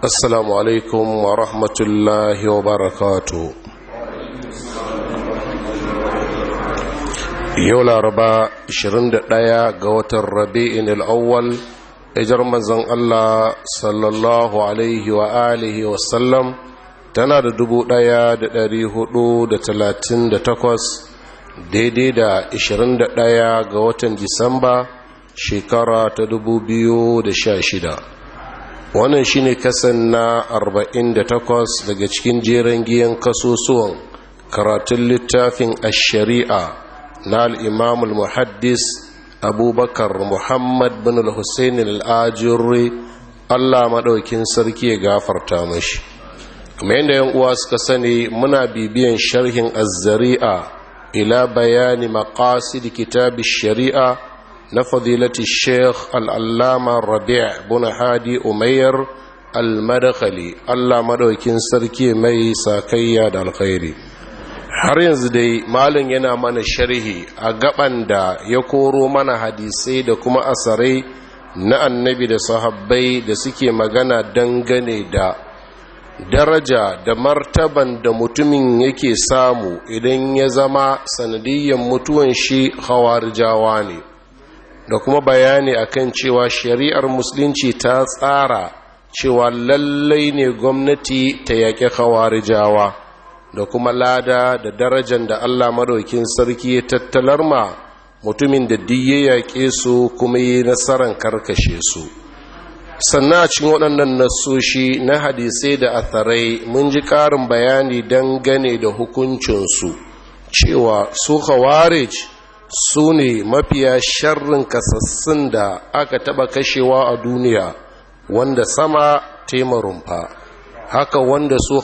Assalamu alaikum wa rahmatullahi wa barakatu. Yau laraba 21 ga watan rabi in al’awwal, ijar manzan Allah sallallahu alaihi wa alihi wa sallam tana da dubu ɗaya da dari hudu da talatin da takwas daidai da 21 ga watan Disamba shekara ta dubu biyu da sha shida. wannan shine kasan na 48 daga cikin jeren giyan kasusuwan karatun littafin ash-shari'a na al muhaddis abubakar muhammad bin al hussein al allah maɗaukin sarki ya gafarta mashi kuma yadda yan uwa suka sani muna bibiyan sharhin az-zari'a ila bayani maqasid kitab ash-shari'a na fadilati sheikh al'allama rabia buna hadi umayyar al-madakali allah madaukin sarki mai sakayya da alkhairi har yanzu dai malin yana mana sharhi a gaban da ya koro mana hadisai da kuma asarai na annabi da sahabbai da suke magana dangane da daraja da martaban da mutumin yake samu idan ya zama sanadiyyar mutuwan shi hawar jawa ne da kuma bayani akan cewa shari'ar musulunci ta tsara cewa lallai ne gwamnati ta yaƙi jawa da kuma lada da darajar da Allah maraukin sarki ya tattalar ma mutumin da diye yaƙe su kuma yi nasarar karkashe su sannan a cikin waɗannan nasoshi na hadisai da atharai mun ji ƙarin bayani dangane da hukuncinsu cewa su khawarij su ne mafiya sharrin kasassun da aka taba kashewa a duniya wanda sama taimarumfa haka wanda su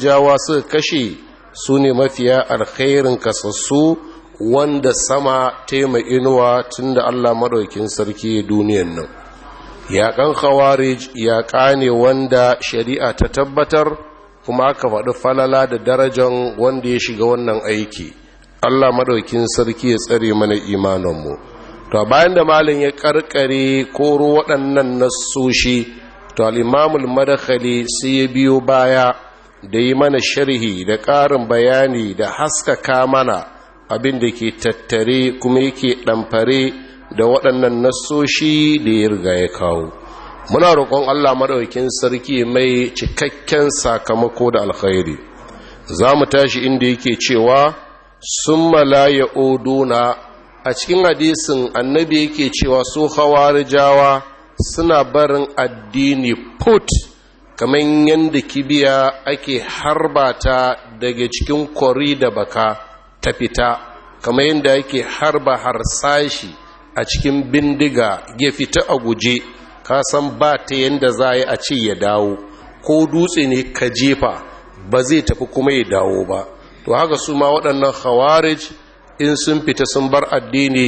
jawa suka kashe su ne mafiya alkhairin kasassu wanda sama taima inuwa tun da allah maɗaukin sarki duniyan nan yaƙan khawarij yaƙa ne wanda shari'a ta tabbatar kuma aka faɗi falala da darajan wanda ya shiga wannan aiki Allah madaukin sarki ya tsare mana imaninmu to bayan da malin ya karkare koro waɗannan nassoshi to al-imamul madakhali sai ya biyo baya da yi mana sharhi da ƙarin bayani da haskaka mana abin da ke tattare kuma yake ɗamfare da waɗannan nassoshi da ya riga ya kawo muna roƙon Allah maɗaukin sarki mai cikakken sakamako da alkhairi za mu tashi inda yake cewa sun malaye oduna a cikin hadisin annabi yake cewa su Hawar jawa suna barin addini put kamar yadda kibiya ake harbata daga cikin kwari da baka ta fita kamar yadda ake harba harsashi a cikin bindiga ya fita a guje ka ba ta yadda za a ce ya dawo ko dutse ne ka jefa ba zai tafi kuma ya dawo ba to haka su ma waɗannan khawarij in sun fita sun bar addini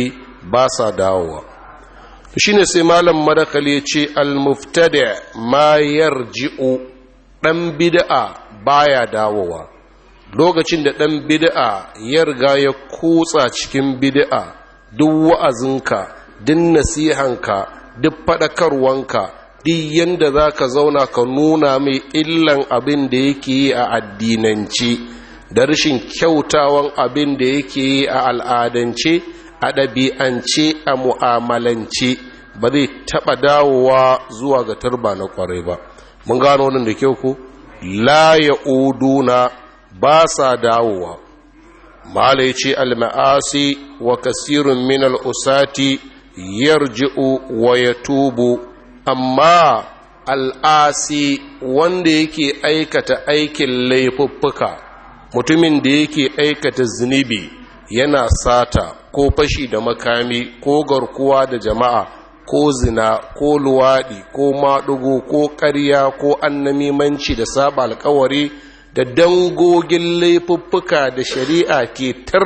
ba sa dawowa shi ne sai malam madakali ce almuftada ma yarji'u ɗan bid'a baya dawowa lokacin da ɗan bid'a ya riga ya kutsa cikin bid'a duk wa'azinka duk nasihanka duk faɗakarwanka duk yadda za ka zauna ka nuna mai illan abin da yake yi a addinance da rashin kyautawan abin da yake yi a al'adance a ɗabi'ance a mu'amalance ba zai taɓa dawowa zuwa ga turba na ƙwarai ba mun gano wannan da kyau ku la ya uduna ba sa dawowa mala ya ce alma'asi wa kasirun min al'usati yarji'u wa ya tubu amma al'asi wanda yake aikata aikin laifuffuka mutumin da yake aikata zunubi yana sata ko fashi da makami ko garkuwa da jama'a ko zina ko luwaɗi ko maɗugo ko ƙarya ko annamimanci da saba alkawari da dangogin laifuffuka da shari'a ke tar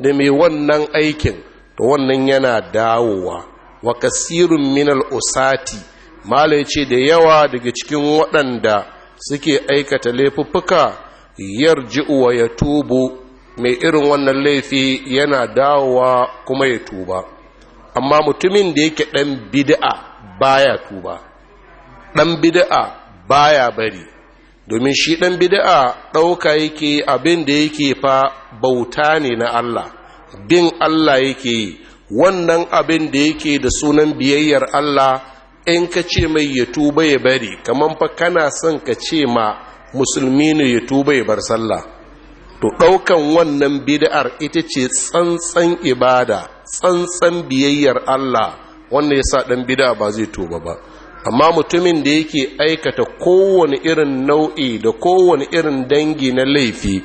da mai wannan aikin to wannan yana dawowa wa kasirun minal usati malai ce da yawa daga cikin waɗanda suke aikata laifuffuka yarji'u wa tubu mai irin wannan laifi yana dawowa kuma ya tuba amma mutumin da yake ɗan bid'a baya tuba ɗan bid'a baya bari domin shi ɗan bid'a ɗauka yake abin da yake fa bauta ne na Allah bin Allah yake yi wannan abin da yake da sunan biyayyar Allah in ka ce mai ya tuba ya bari kamar fa kana son ka ce ma musulmi ne ya tuba ya bar sallah to ɗaukan wannan bid'ar ita ce tsantsan ibada tsantsan biyayyar Allah wanda ya sa ɗan bid'a ba zai tuba ba amma mutumin da yake aikata kowane irin nau'i da kowane irin dangi na laifi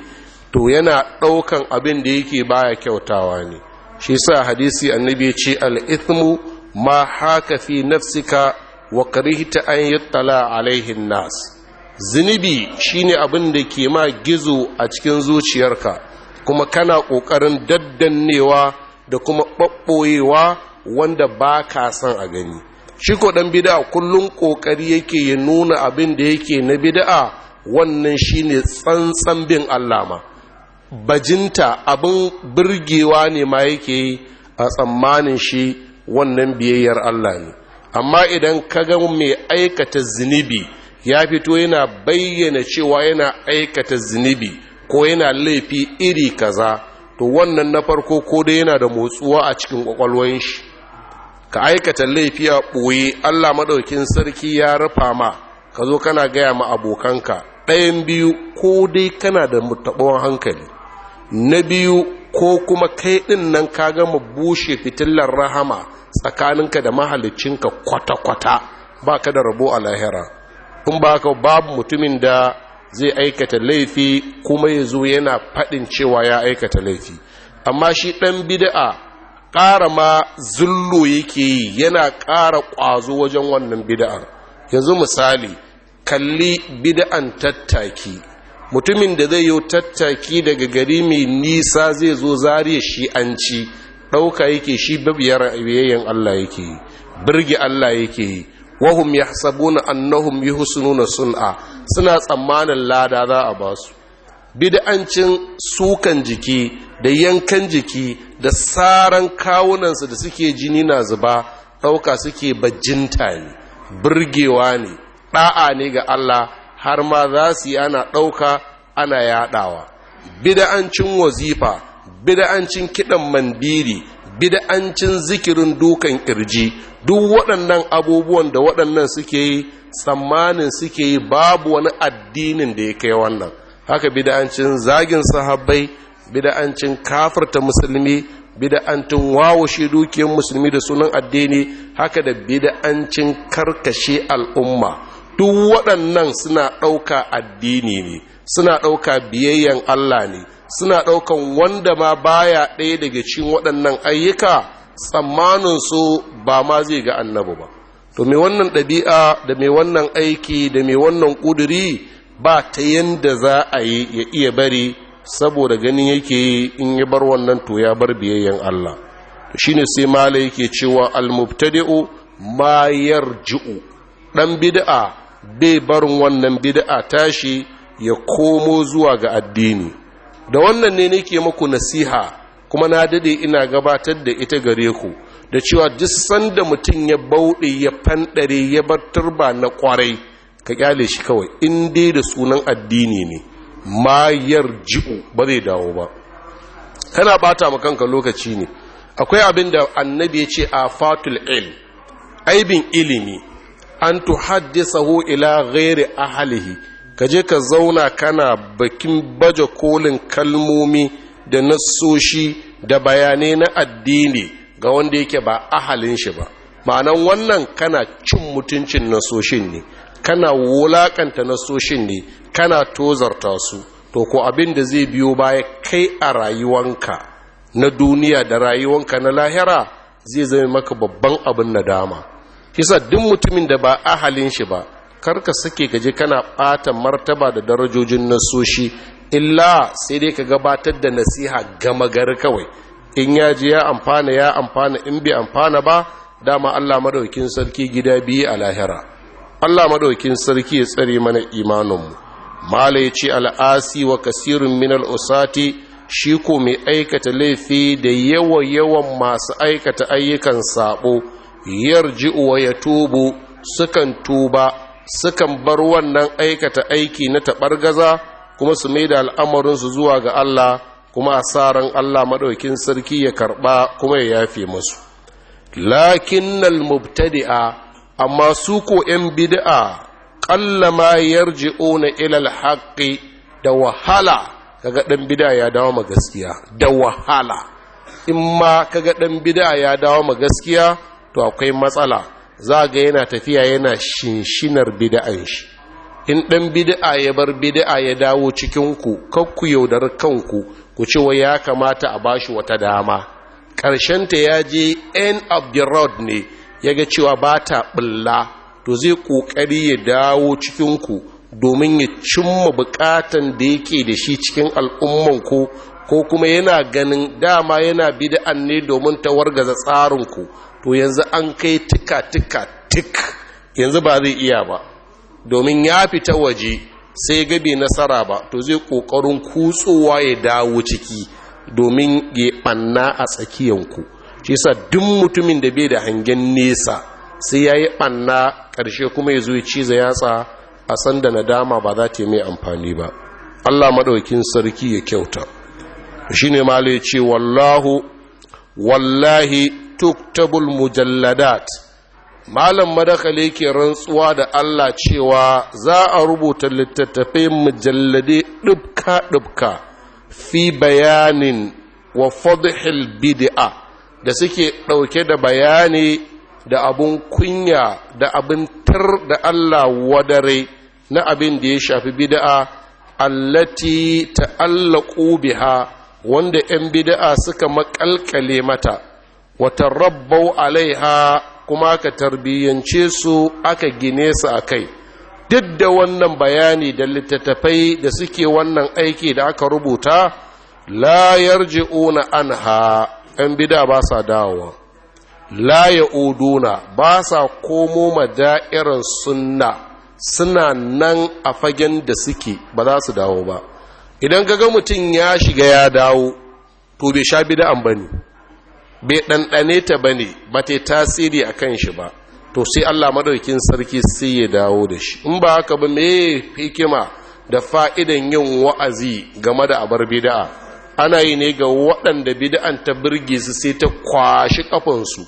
to yana ɗaukan abin da yake baya kyautawa ne shi sa hadisi annabi ya ce al'ithmu ma haka fi nafsika wa karihta an yi tala alaihin nas zunubi shine abin da ke ma gizo a cikin zuciyarka kuma kana ƙoƙarin daddannewa da kuma ɓaɓɓoyewa wanda ba ka son a gani shi ko ɗan bida'a kullum ƙoƙari yake ya nuna abin da yake na bida'a wannan shine tsantsan bin Allah bajinta abin birgewa ne ma yake yi a tsammanin shi wannan biyayyar Allah ne amma idan ka ga mai aikata zunubi ya fito yana bayyana cewa yana aikata zunubi ko yana laifi iri kaza to wannan na farko ko dai yana da motsuwa a cikin kwakwalwar shi ka aikata laifi a ɓoye allah maɗaukin sarki ya rufa ma ka zo kana gaya ma abokanka ɗayan biyu ko dai kana da taɓon hankali na biyu ko kuma kai ɗin nan ka gama bushe fitilar rahama tsakaninka da mahaliccinka kwata-kwata ba ka da rabo a lahira in ba haka babu mutumin da zai aikata laifi kuma ya zo yana faɗin cewa ya aikata laifi amma shi ɗan bida'a ƙara ma zullo yake yi yana ƙara ƙwazo wajen wannan bida'ar. yanzu misali kalli bid'an tattaki mutumin da zai yi tattaki daga gari mai nisa zai zo zariya shi an ci ɗauka yake shi babu biyayyen Allah yake yi birge Allah yake yi wahum yi annahum yuhsinuna sun'a suna tsammanin lada za a ba su bid'ancin sukan jiki da yankan jiki da saran kawunansu da suke jini na zuba ɗauka suke bajinta ne burgewa ne ɗa'a ne ga Allah har ma za su yi ana ɗauka ana yaɗawa bid'ancin wazifa bid'ancin kiɗan mandiri bid'ancin zikirin dukan kirji duk waɗannan abubuwan da waɗannan suke yi tsammanin suke yi babu wani addinin da ya kai wannan haka bid'ancin zagin sahabbai bid'ancin kafirta musulmi bid'ancin wawashe dukiyar musulmi da sunan addini haka da bid'ancin karkashe al'umma duk waɗannan suna ɗauka addini ne suna ɗauka biyayyen Allah ne suna ɗaukan wanda ma baya ɗaya daga cikin waɗannan ayyuka tsammanin su ba ma zai ga annabi ba to mai wannan ɗabi'a da mai wannan aiki da mai wannan ƙuduri ba ta yadda za a yi ya iya bari saboda ganin yake yi in ya bar wannan to ya bar biyayyen Allah shi ne sai mala yake cewa almubtadi'u ma yarji'u ɗan bid'a bai barin wannan bid'a tashi ya komo zuwa ga addini da wannan ne nake maku nasiha kuma na dade ina gabatar da ita gare ku da cewa duk sanda mutum ya bauɗe ya fanɗare ya bar turba na kwarai ka kyale shi kawai in dai da sunan addini ne ma ji'u ba zai dawo ba kana bata ma kanka lokaci ne akwai abin da annabi ya ce a fatul ilm aibin ilimi an tuhaddisa ila ghairi ahlihi ka je ka zauna kana bakin baje kolin kalmomi da nasoshi da bayanai na addini ga wanda yake ba ahalin shi ba ma'anan wannan kana cin mutuncin nasoshin ne kana wulakanta nasoshin ne kana tozarta su to ko abin da zai biyo baya kai a rayuwanka na duniya da rayuwanka na lahira zai zama maka babban abin nadama kisa duk mutumin da ba ahalin shi ba karka sake gaje kana ɓata martaba da darajojin nasoshi illa sai dai ka gabatar da nasiha gama gari kawai in ya ji ya amfana ya amfana in bai amfana ba dama Allah madaukin sarki gida biyu a lahira Allah madaukin sarki ya tsare mana imaninmu mala ya ce al'asi wa kasirun min al'usati shi ko mai aikata laifi da yawa yawan masu aikata ayyukan sabo yarji'u wa ya tubu sukan tuba sukan bar wannan aikata aiki na taɓargaza kuma su mai da al'amarinsu zuwa ga Allah kuma a tsarin Allah maɗaukin sarki ya karɓa kuma ya yafe masu lakin mubtadi'a amma su ko ‘yan bid'a ƙalla ma yar na ilal haƙƙi da wahala kaga ɗan bida ya dawo ma gaskiya da wahala in ma kaga ɗan bida ya dawo ma gaskiya to akwai matsala za ga yana tafiya yana shinshinar bida'an shi in ɗan bida'a ya bar bida'a ya dawo cikinku ku yaudar kanku ku ce wa ya kamata a bashi wata dama ƙarshenta ya je end of the road ne ya ga cewa ba ta ɓulla to zai ƙoƙari ya dawo cikinku domin ya cimma buƙatan da yake da shi cikin al'ummanku ko kuma yana ganin dama yana bida'an ne domin ta wargaza tsarinku to yanzu an kai tika tika tik yanzu ba zai iya ba domin ya fita waje sai gabe nasara ba to zai kokarin kutsowa ya dawo ciki domin ya ɓanna a tsakiyanku shi sa duk mutumin da bai da hangen nesa sai ya yi banna ƙarshe kuma ya zo ya ciza yatsa a sanda nadama ba za ta yi mai amfani ba allah maɗaukin sarki ya kyauta shi ne ma ce wallahu wallahi tuktabul mujalladat malam madakhali ke rantsuwa da Allah cewa za a rubuta littattafai mujallade dubka dubka fi bayanin wa fadhil bid'a da suke dauke da bayani da abun kunya da abin tar da Allah wadare na abin da ya shafi bid'a allati ta'allaqu biha wanda 'yan bid'a suka makalkale mata wata alaiha kuma ka tarbiyyance su aka gine su a kai duk da wannan bayani da littattafai da suke wannan aiki da aka rubuta la yarji'una anha ɗan bida ba sa dawowa la ya'uduna ba sa komo ma da'irar sunna suna nan a fagen da suke ba za su dawo ba idan gaga mutum ya shiga ya dawo to bai sha an bane bai ɗanɗane ta ba ne ba ta tasiri a kan shi ba to sai allah maɗaukin sarki sai ya dawo da shi in ba haka ba mai hikima da fa'idan yin wa'azi game da abar bida'a ana yi ne ga waɗanda bida'an ta birge su sai ta kwashi ƙafansu.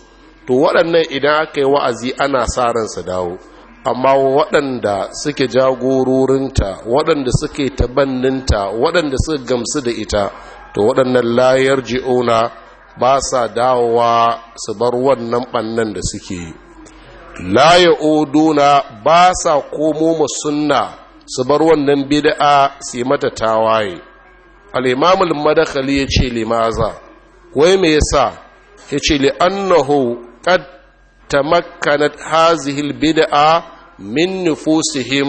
to waɗannan idan aka yi wa'azi ana sa ransa dawo amma waɗanda suke jagororinta waɗanda suke tabanninta waɗanda suka gamsu da ita to waɗannan layar ji'una ba sa dawowa su bar wannan ɓannan da suke yi la ya oduna ba sa komo mu sunna su bar wannan bid'a su mata tawaye al'imamul madakali ya ce limaza wai me yasa ya ce li'annahu kad tamakkanat hazihil bid'a min nufusihim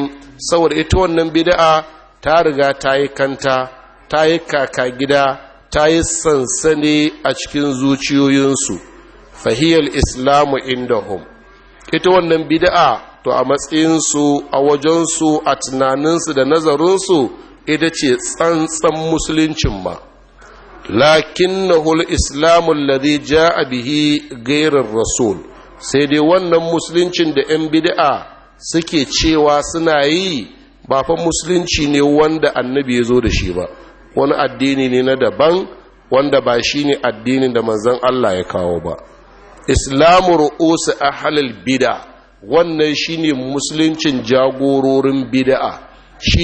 saboda ita wannan bid'a ta riga ta yi kanta ta yi kaka gida ta yi sansani a cikin zuciyoyinsu fahiyar islamu indahum ita wannan bida'a to a matsayinsu a wajensu a tunaninsu da nazarinsu ita ce tsantsan musuluncin ma na hul islamu alladhi a bihi gairar rasul sai dai wannan musuluncin da 'yan bida'a suke cewa suna yi ba fa musulunci ne wanda annabi ya zo da shi ba wani addini ne na daban wanda ba shi ne addinin da manzan Allah ya kawo ba islamu ru'usu halil bid'a wannan shi ne musuluncin jagororin bid'a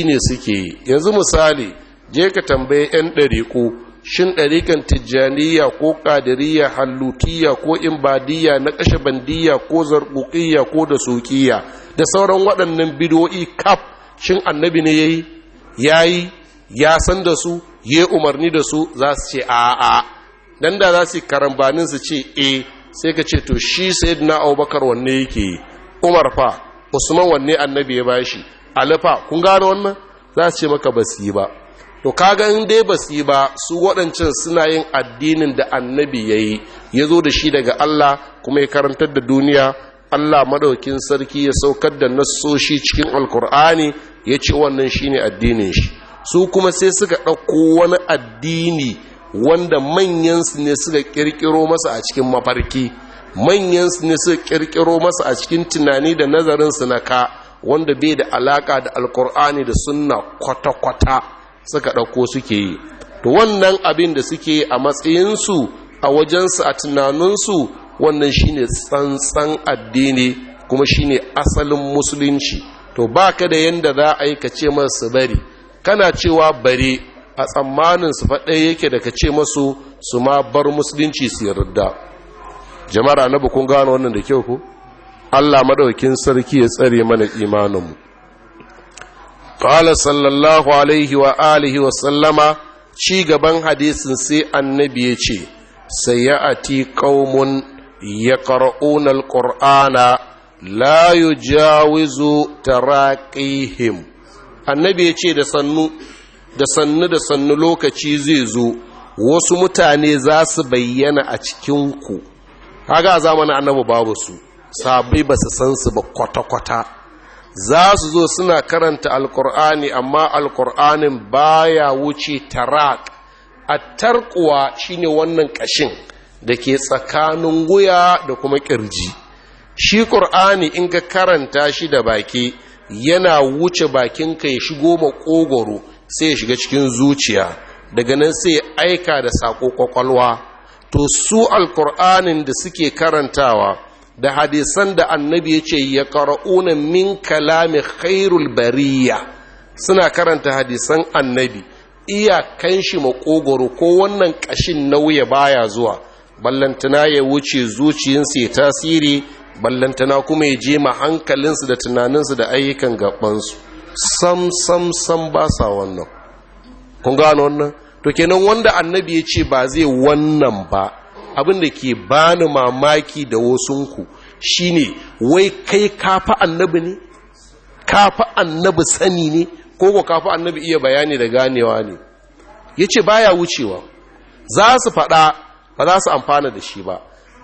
ne suke yanzu misali je ka tambaye yan ɗariƙo shin ɗariƙan tijjaniya ko ƙadiriya hallutiya ko imbadiya na bandiya ko zarƙuƙiya ko da sokiya da sauran waɗannan bidoyi kaf shin annabi ne ya yi. ya san da su ya umarni da su za su ce a'a dan da za su karambanin su ce e sai ka ce to shi sayyidina abubakar wanne yake umar fa usman wanne annabi ya bashi alifa kun gano wannan za su ce maka basu yi ba to kaga in dai basu yi ba su waɗancan suna yin addinin da annabi ya yi ya zo da shi daga allah kuma ya karantar da duniya allah maɗaukin sarki ya saukar da nassoshi cikin alkur'ani ya ce wannan shine addinin shi su kuma sai suka ɗauko wani addini wanda manyansu ne suka ƙirƙiro masa a cikin mafarki manyansu ne suka ƙirƙiro masa a cikin tunani da nazarin sunaka, wanda bai da alaƙa da alkur'ani da sunna kwata-kwata suka ɗauko suke yi to wannan abin da suke yi a matsayinsu a wajensu a tunaninsu wannan shine tsantsan addini kuma shine asalin musulunci to baka da yanda za a yi ka ce masu bari kana cewa bare a tsammanin su faɗai yake da ka ce masu su ma bar musulunci su yarda jama'ar anabu kun gano wannan da kyau ku Allah madaukin sarki ya tsare mana imaninmu qala sallallahu alaihi wa alihi wa sallama ci gaban hadisin sai annabi ya ce sayati qaumun yaqra'una alqur'ana la yujawizu taraqihim annabi ya ce da sannu da sannu lokaci zai zo wasu mutane za su bayyana a cikinku haga a zamanin annabi babu su sabai ba su san su ba kwata-kwata za su zo suna karanta alkur'ani amma alkur'anin baya wuce tarak a tarkuwa shine wannan kashin da ke tsakanin wuya da kuma kirji shi kur'ani in ka karanta shi da baki yana wuce bakinka ya shigo maƙogwaro sai ya shiga cikin zuciya daga nan sai ya aika da saƙo ƙwaƙwalwa to su alkur'anin da suke karantawa da hadisan da annabi ya ce ya ƙara'una min kalami khairul bariya suna karanta hadisan annabi kan shi maƙogoro ko wannan ƙashin nauya baya zuwa ballantana ya wuce zuciyinsa ya tasiri ballantana kuma ya je ma hankalinsu da tunaninsu da ayyukan gabansu sam sam sam ba sa wannan kun gano wannan to kenan wanda annabi ya ce ba zai wannan ba abin da ke bani mamaki da wasunku shine wai kai kafa annabi ne kafa annabi sani ne ko ko kafa annabi iya bayani da ganewa ne yace baya wucewa za su faɗa ba za su amfana da shi ba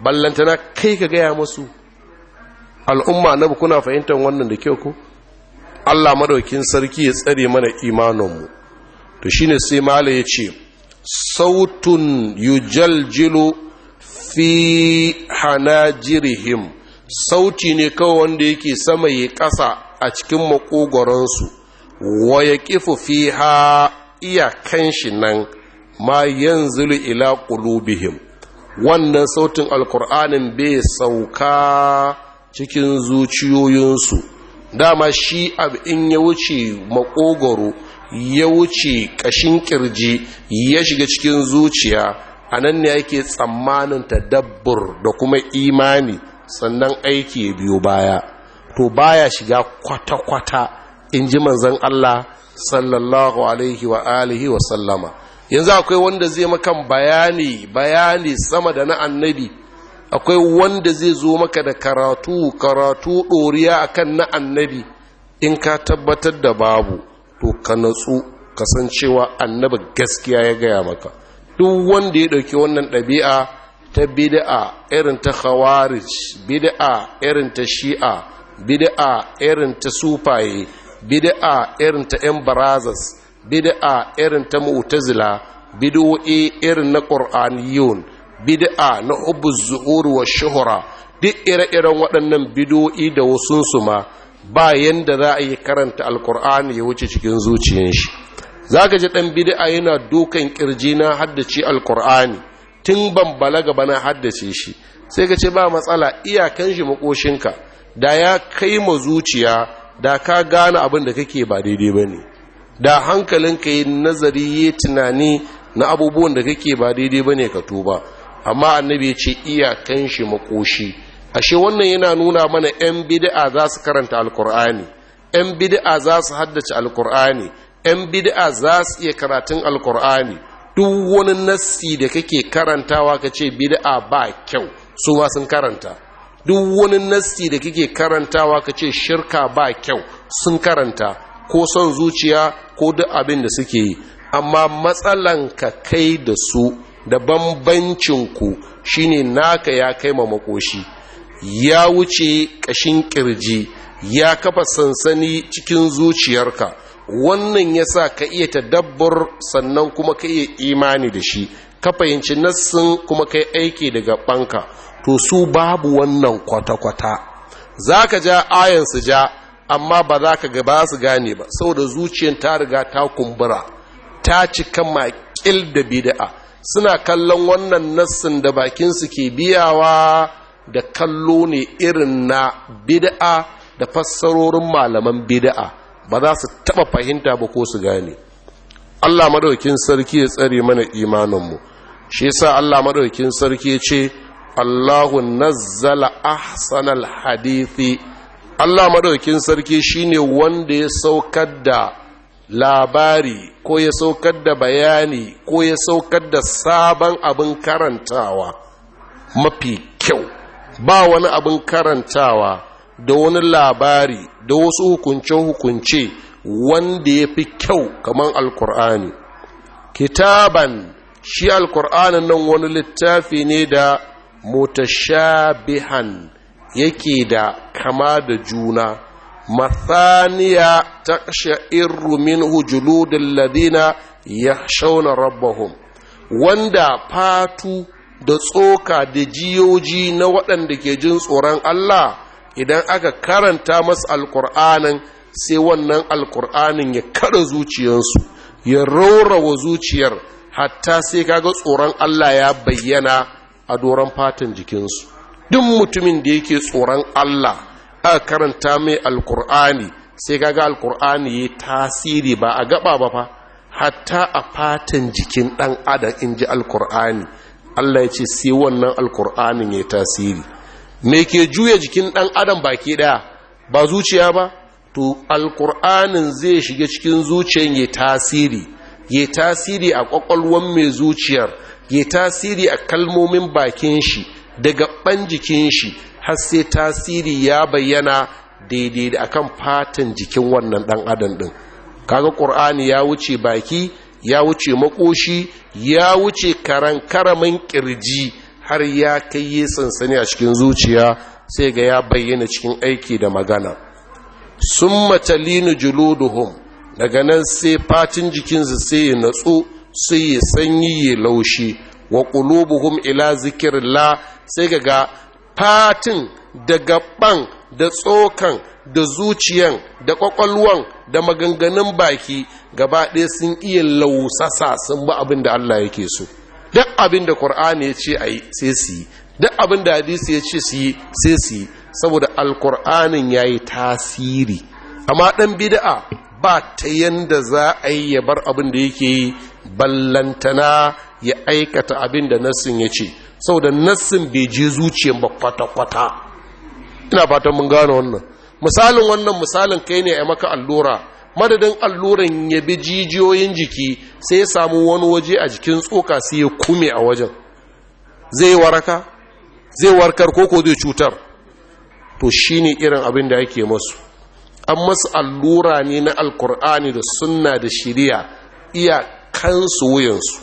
ballantana kai ka gaya masu al'umma na kuna fahimtar wannan da kyau ku. Allah madaukin sarki ya tsare mana imaninmu to shine sai mala ya ce sautun yujaljilu fi hanajirihim sauti ne kawai wanda yake sama ya ƙasa a cikin makogoransu wa ya kifu fi ha iyakan shi nan ma yanzulu ila qulubihim wannan sautin alkur'anin bai sauka cikin zuciyoyinsu dama shi abu in ya wuce makogoro ya wuce ƙashin kirji ya shiga cikin zuciya a nan ne yake tsammanin ta tadabbur da kuma imani sannan aiki ya biyo baya to baya shiga kwata-kwata in ji manzan Allah sallallahu alaihi wa alihi wa sallama yanzu akwai wanda zai makan bayani bayani sama da na annabi akwai wanda zai zo maka da karatu karatu ɗoriya akan na annabi in ka tabbatar da babu to ka natsu kasancewa annabi gaskiya ya gaya maka duk wanda ya ɗauki wannan ɗabi'a ta bida'a irin ta khawarij bida'a irin ta shi'a bida'a irin ta sufaye bida'a irin ta yan barazas bida'a irin ta mu'tazila bid'o'i irin na qur'aniyun bid'a na hubu zu'ur wa shuhura duk ire-iren waɗannan bid'o'i da su ma ba yanda za a yi karanta alkur'ani ya wuce cikin zuciyar shi za ka ji ɗan bid'a yana dukan ƙirji na haddace alkur'ani tun ban balaga bana haddace shi sai ka ce ba matsala iyakan shi makoshinka da ya kai ma zuciya da ka gane abin da kake ba daidai ba ne da hankalinka yi nazari yi tunani na abubuwan da kake ba daidai ba ne ka tuba amma annabi ya ce iyakan shi makoshi ashe wannan yana nuna mana 'yan bid'a za su karanta alkur'ani 'yan bid'a za su haddace alkur'ani 'yan bid'a za su iya karatun alkur'ani duk wani nassi da kake karantawa ka ce bid'a ba kyau su ma sun karanta duk wani nassi da kake karantawa ka ce shirka ba kyau sun karanta ko son zuciya ko duk abin da suke yi amma matsalan ka kai da su da bambancinku shine naka ya kai ma makoshi ya wuce kashin ƙirji ya kafa sansani cikin zuciyarka wannan ya sa ka iya ta dabbar sannan kuma ka iya imani da shi ka fahimci nassin kuma ka yi aiki daga banka to su babu wannan kwata-kwata za ka ja ayan su ja amma ba za ka gaba su gane ba saboda zuciyar ta riga ta kumbura ta cika makil da bida'a suna kallon wannan nassin da bakinsu ke biyawa da kallo ne irin na bid'a da fassarorin malaman bid'a ba za su taba fahimta ba ko su gane Allah madaukin sarki ya tsare mana imaninmu shi yasa Allah madaukin sarki ya ce Allahu nazzala ahsanal hadithi Allah madaukin sarki shine wanda ya saukar da labari ko ya saukar da bayani ko ya saukar da sabon abin karantawa mafi kyau ba wani abin karantawa da wani labari da wasu hukunce-hukunce wanda ya fi kyau kamar alkur'ani kitaban shi alkur'ani nan wani littafi ne da mutashabihan yake da kama da juna mathaniya taqsha'irru minhu juludul ladina yakhshawna rabbahum wanda fatu da tsoka da jiyoji na waɗanda ke jin tsoron Allah idan aka karanta masa alkur'anin sai wannan alkur'anin ya kada zuciyarsu ya raurawa zuciyar hatta sai kaga tsoron Allah ya bayyana a doron fatan jikinsu duk mutumin da yake tsoron Allah aka karanta mai alkur'ani sai ga alkur'ani ya tasiri ba a gaba ba fa hatta a fatan jikin dan adam in ji alkur'ani Allah ya ce sai wannan alkur'anin ya tasiri me ke juya jikin dan adam baki daya ba zuciya ba to alkur'anin zai shiga cikin zuciyar ya tasiri ya tasiri a kwakwalwar mai zuciyar ya tasiri a kalmomin bakin shi daga gaban jikin shi har sai tasiri ya bayyana daidai da akan fatan jikin wannan dan adam din kaga qur'ani ya wuce baki ya wuce makoshi ya wuce karan karamin kirji har ya kai yi sansani a cikin zuciya sai ga ya bayyana cikin aiki da magana sun matalinu juluduhum daga nan sai fatin jikinsu sai ya natsu sai ya sanyi ya laushi wa qulubuhum ila zikirla sai ga fatin da gaban da tsokan da zuciyan da kwakwalwan da maganganun baki gaba ɗaya sun iya lausasa sun ba abin da Allah yake so duk abin da Qur'ani ya ce yi sai su yi duk abin da hadisi ya ce su yi sai su yi saboda alkur'anin yi tasiri amma ɗan bida'a ba ta yanda za a yi ya bar abin da yake yi ballantana ya aikata abin da nassin ya ce saboda nassin bai je zuciya ba kwata-kwata ina fatan mun gano wannan misalin wannan misalin kai ne a maka allura madadin alluran ya bi jijiyoyin jiki sai ya samu wani waje a jikin tsoka sai ya kume a wajen zai waraka zai warkar koko zai cutar to shi ne irin abin da ake masu an masu allura ne na alkur'ani da sunna da shiriya iya kansu wuyansu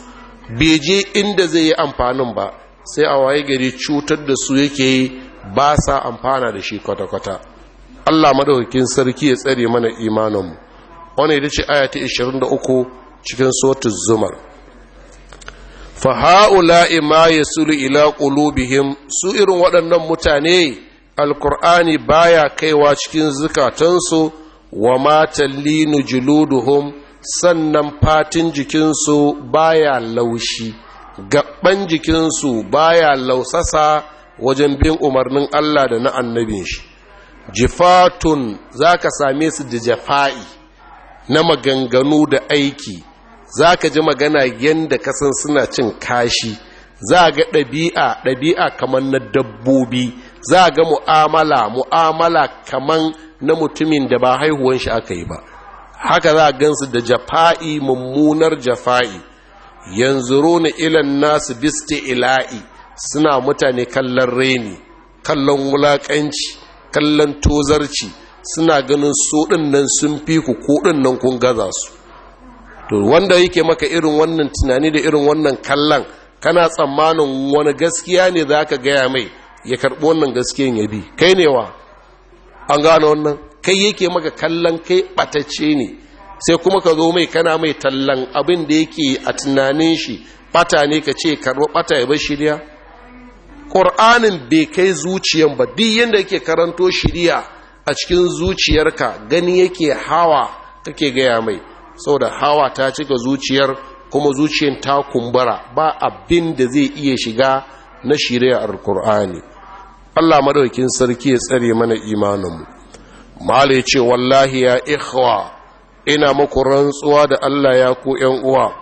bai je inda zai yi amfanin ba sai a waye gari cutar da su yake yi ba sa amfana da shi kwata-kwata Allah madaukakin sarki ya tsare mana imaninmu wani da ce aya ta 23 cikin sotu zumar fa ima ya sulu ila qulubihim su irin waɗannan mutane alkur'ani baya kaiwa cikin zukatansu wa ma linu juluduhum sannan fatin jikinsu baya laushi gaban jikinsu baya lausasa wajen bin umarnin Allah da na annabin shi jifatun za ka same su da jafa'i na maganganu da aiki za ka ji magana yadda kasan suna cin kashi za ga ɗabi'a ɗabi'a kamar na dabbobi za ga mu'amala mu'amala kamar na mutumin da ba haihuwan shi aka yi ba haka za gansu da jafa'i mummunar jafa'i yanzuruna ilan nasu bisti ila'i suna mutane kallon reni kallon wulaƙanci kallon tozarci suna ganin su nan sun fi ku ko nan kun gaza su to wanda yake maka irin wannan tunani da irin wannan kallon kana tsammanin wani gaskiya ne za ka gaya mai ya karɓi wannan gaskiyan ya bi kai ne wa an gano wannan kai yake maka kallon kai ɓatacce ne sai kuma ka zo mai kana mai tallan abin da yake a tunanin shi bata ne ka ce karo bata ya bar shirya ƙur'anin bai kai zuciyan ba duk yadda yake karanto shirya a cikin zuciyarka gani yake hawa kake gaya mai saboda hawa ta cika zuciyar kuma zuciyar ta kumbura ba abin da zai iya shiga na shiriyar ƙur'ani allah madaukin sarki ya tsare mana imaninmu mala ya ce wallahi ya ikhwa ina muku rantsuwa da Allah ya ku ‘yan uwa,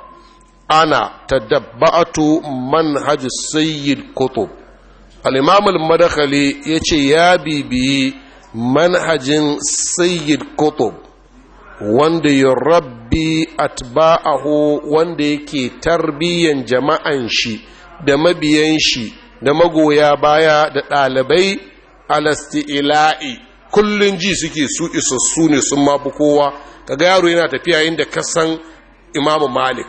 ana tadabba'atu manhajus sayyid kutub. Al'imamul madakali ya ce ya bibiyi manhajin sayyid kutub, wanda ya rabbi atba'ahu wanda yake tarbiyyan jama'an shi da mabiyan shi da magoya baya da ɗalibai alasti'ila'i kullum ji suke su isassu ne sun mafi kowa kaga yaro yana tafiya inda kasan imamu malik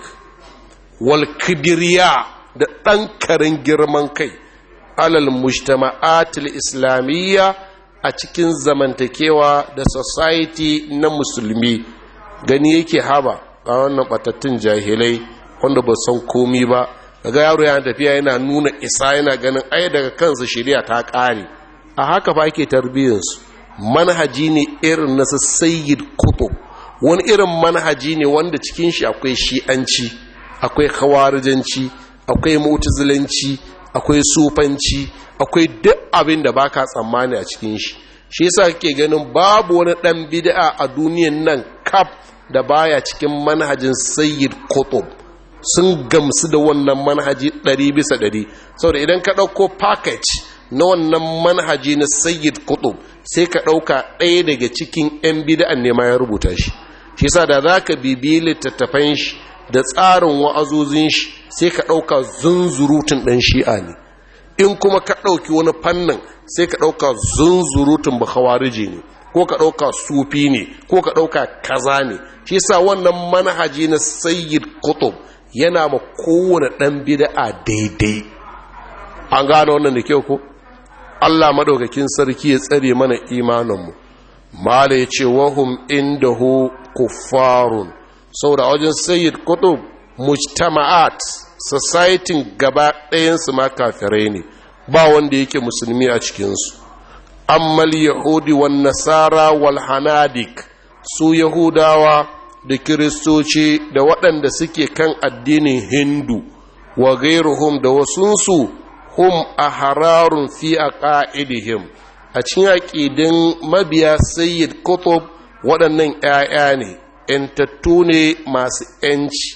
wal kibriya da ɗan girman kai alal mujtama'atul islamiyya a cikin zamantakewa da society na musulmi gani yake haba a wannan batattun jahilai wanda ba san komi ba daga yaro yana tafiya yana nuna isa yana ganin ai daga kansa shari'a ta ƙare a haka ba ke tarbiyyarsu manhaji ne irin na sayyid kutub wani irin manhaji ne wanda cikin shi akwai shi'anci akwai khawarijanci akwai mutuzilanci akwai sufanci akwai duk abin da baka tsammani a cikin shi shi yasa kake ganin babu wani dan bid'a a duniyan nan kaf da baya cikin manhajin sayyid qutb sun gamsu da wannan manhaji 100 bisa 100 saboda idan ka dauko package na wannan manhaji na sayyid qutb sai ka dauka ɗaya daga cikin 'yan bid'an ne ma ya rubuta shi shi sa da za ka bibi littattafan shi da tsarin wa’azuzin shi sai ka ɗauka zunzurutun ɗan shi'a ne in kuma ka ɗauki wani fannin sai ka ɗauka zunzurutun bakawariji ne ko ka ɗauka sufi ne ko ka ɗauka kaza ne shi sa wannan manhaji na sayyid kutub yana ma kowane ɗan bida'a daidai an gano wannan da kyau ko allah maɗaukakin sarki ya tsare mana imaninmu mala ya ce wahum indahu kuffarun saboda wajen sayyid kudu mujtama'at societin gaba ɗayansu ma kafirai ne ba wanda yake musulmi a cikinsu ammal yahudi wa nasara wal hanadik su yahudawa da kiristoci da waɗanda suke kan addinin hindu wa gairuhum da wasunsu hum a hararun fi a ƙa'idihim a cikin aƙidin mabiya sayyid kutub waɗannan 'ya'ya ne ‘yantattu ne masu ‘yanci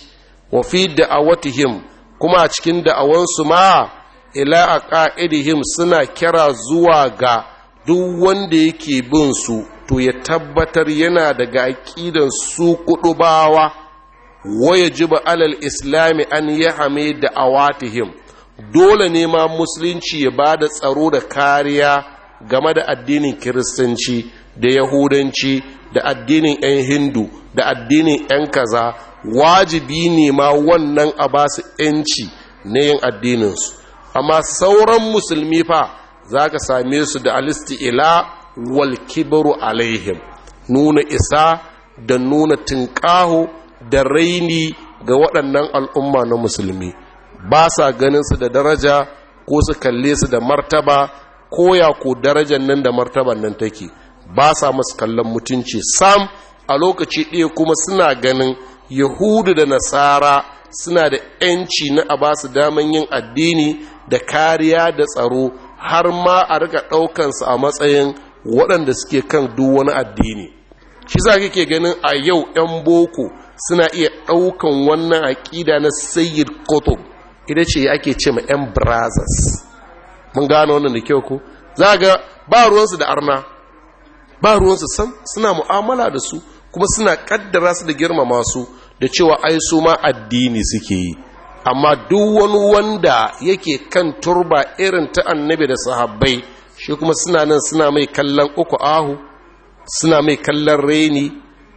wa fi da'awatihim kuma a cikin da'awansu ma ila a ƙa'idihim suna kira zuwa ga duk wanda yake bin su to ya tabbatar yana daga aƙidan su bawa waya jiba alal islami an yi hame awatihim dole ne ma musulunci ya ba da tsaro da kariya game da addinin kiristanci da yahudanci da addinin 'yan hindu da addinin 'yan kaza wajibi ne ma wannan a ba su 'yanci na yin addininsu amma sauran musulmi fa za ka same su da alisti'ila wal kibaru alaihim nuna isa da nuna tunƙaho da raini ga waɗannan al'umma na musulmi ba sa ganin su da daraja ko su kalle su da martaba koya ko darajar nan da martaban nan take ba sa masu kallon mutunci sam a lokaci ɗaya kuma suna ganin yahudu da nasara suna da 'yanci na a basu daman yin addini da kariya da tsaro har ma a rika ɗaukansu a matsayin waɗanda suke kan duk wani addini shi za kake ganin a yau 'yan boko suna iya ɗaukan wannan aƙida na sayyid kotun ita ce ake ce ma 'yan brazas mun gano wannan da kyau ko za ga ba ruwansu da arna ba ruwansu sam suna mu'amala da su kuma suna kaddara su da girmama su da cewa ai su ma addini suke yi amma duk wani wanda yake kan turba irin ta annabi da sahabbai shi kuma suna nan suna mai kallon uku ahu suna mai kallon reni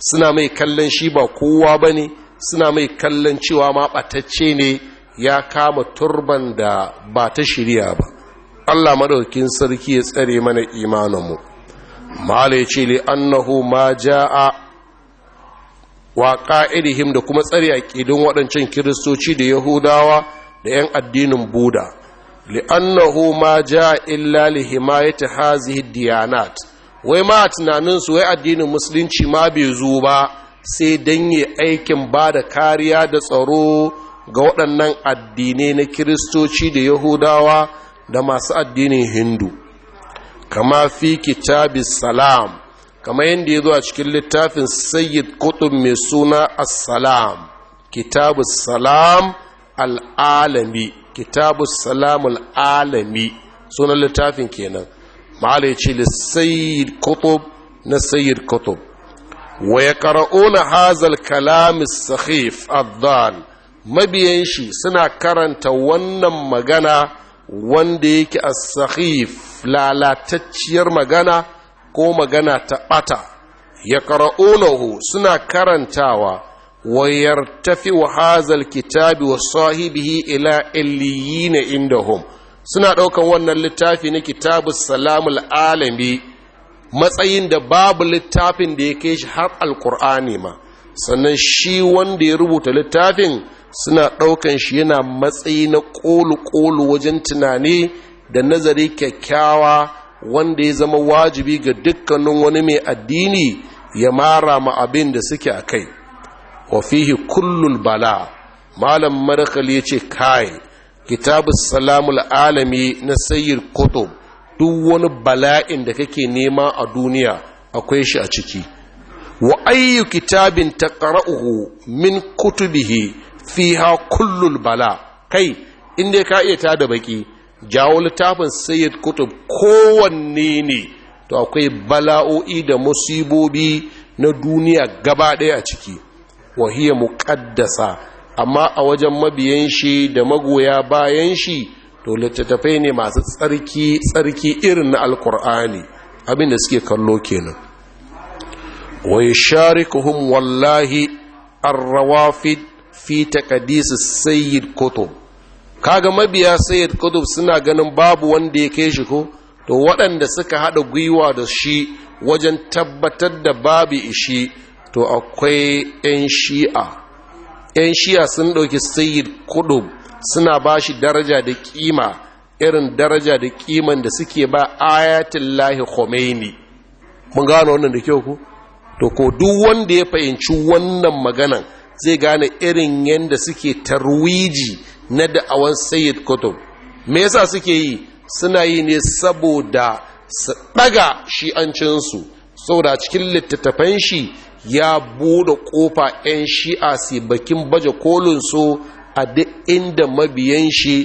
suna mai kallon shi ba kowa ba ne suna mai kallon cewa ma ɓatacce ne ya kama turban da ba ta shirya ba Allah madaukin sarki ya tsare mana imaninmu mala ya ce li annahu ma ja'a wa qa'idihim da kuma tsare aqidin waɗancan kiristoci da yahudawa da yan addinin buda li annahu ma ja'a illa li himayati hazihi diyanat wai ma tunanin su wai addinin musulunci ma bai zo ba sai danye aikin ba da kariya da tsaro ga waɗannan addinai na kiristoci da yahudawa da masu addinin hindu kama fi kitabis salam kama yadda ya zo a cikin littafin sayyid kutub mai suna assalam kitabus salam al'alami kitabus salam al'alami sunan littafin kenan ma'ala ce lissayyid kutub na sayyid kutub wa ya ƙara'una hazal kalamis sahif adhan mabiyan shi suna karanta wannan magana wanda yake a sakhif lalatacciyar magana ko magana ta ɓata ya ƙara'unahu suna karantawa wayar tafi wa kitabi wa sahibihi ila illiyina indahum suna ɗaukar wannan littafi na kitabu salamul alami matsayin da babu littafin da ya kai shi har alkur'ani ma sannan shi wanda ya rubuta littafin suna ɗaukan shi yana matsayi na ƙolu-ƙolu wajen tunani da nazari kyakkyawa wanda ya zama wajibi ga dukkanin wani mai addini ya mara ma abin da suke a kai wa fihi kullul bala malam marakal ya ce kai kitabu salamul alami na sayyid kutub duk wani bala'in da kake nema a duniya akwai shi a ciki wa ayyu kitabin taqra'uhu min kutubihi fiha kullul bala kai in dai ka iya da baki jawo littafin sayyid kutub kowanne ne to akwai bala'o'i da musibobi na duniya gaba ɗaya a ciki wahiya muƙaddasa amma a wajen mabiyan shi da magoya bayan shi to littattafai ne masu tsarki tsarki irin na alkur'ani abin da suke kallo kenan wai sharikuhum wallahi arrawafid fi taqdis sayyid kutub kaga mabiya sayyid kutub suna ganin babu wanda ya kai shi ko to waɗanda suka haɗa gwiwa da shi wajen tabbatar da babu ishi to akwai 'yan shi'a 'yan shi'a sun ɗauki sayyid kutub suna ba shi daraja da kima irin daraja da kiman da suke ba ayatin lahi khomeini mun gano wannan da kyau ku to ko duk wanda ya fahimci wannan maganan zai gane irin yadda suke tarwiji na da'awan sayyid kutub me yasa suke yi suna yi ne saboda su ɗaga shi'ancinsu saboda cikin littattafan shi ya buɗe ƙofa 'yan shi'a su bakin baje su a duk inda mabiyan shi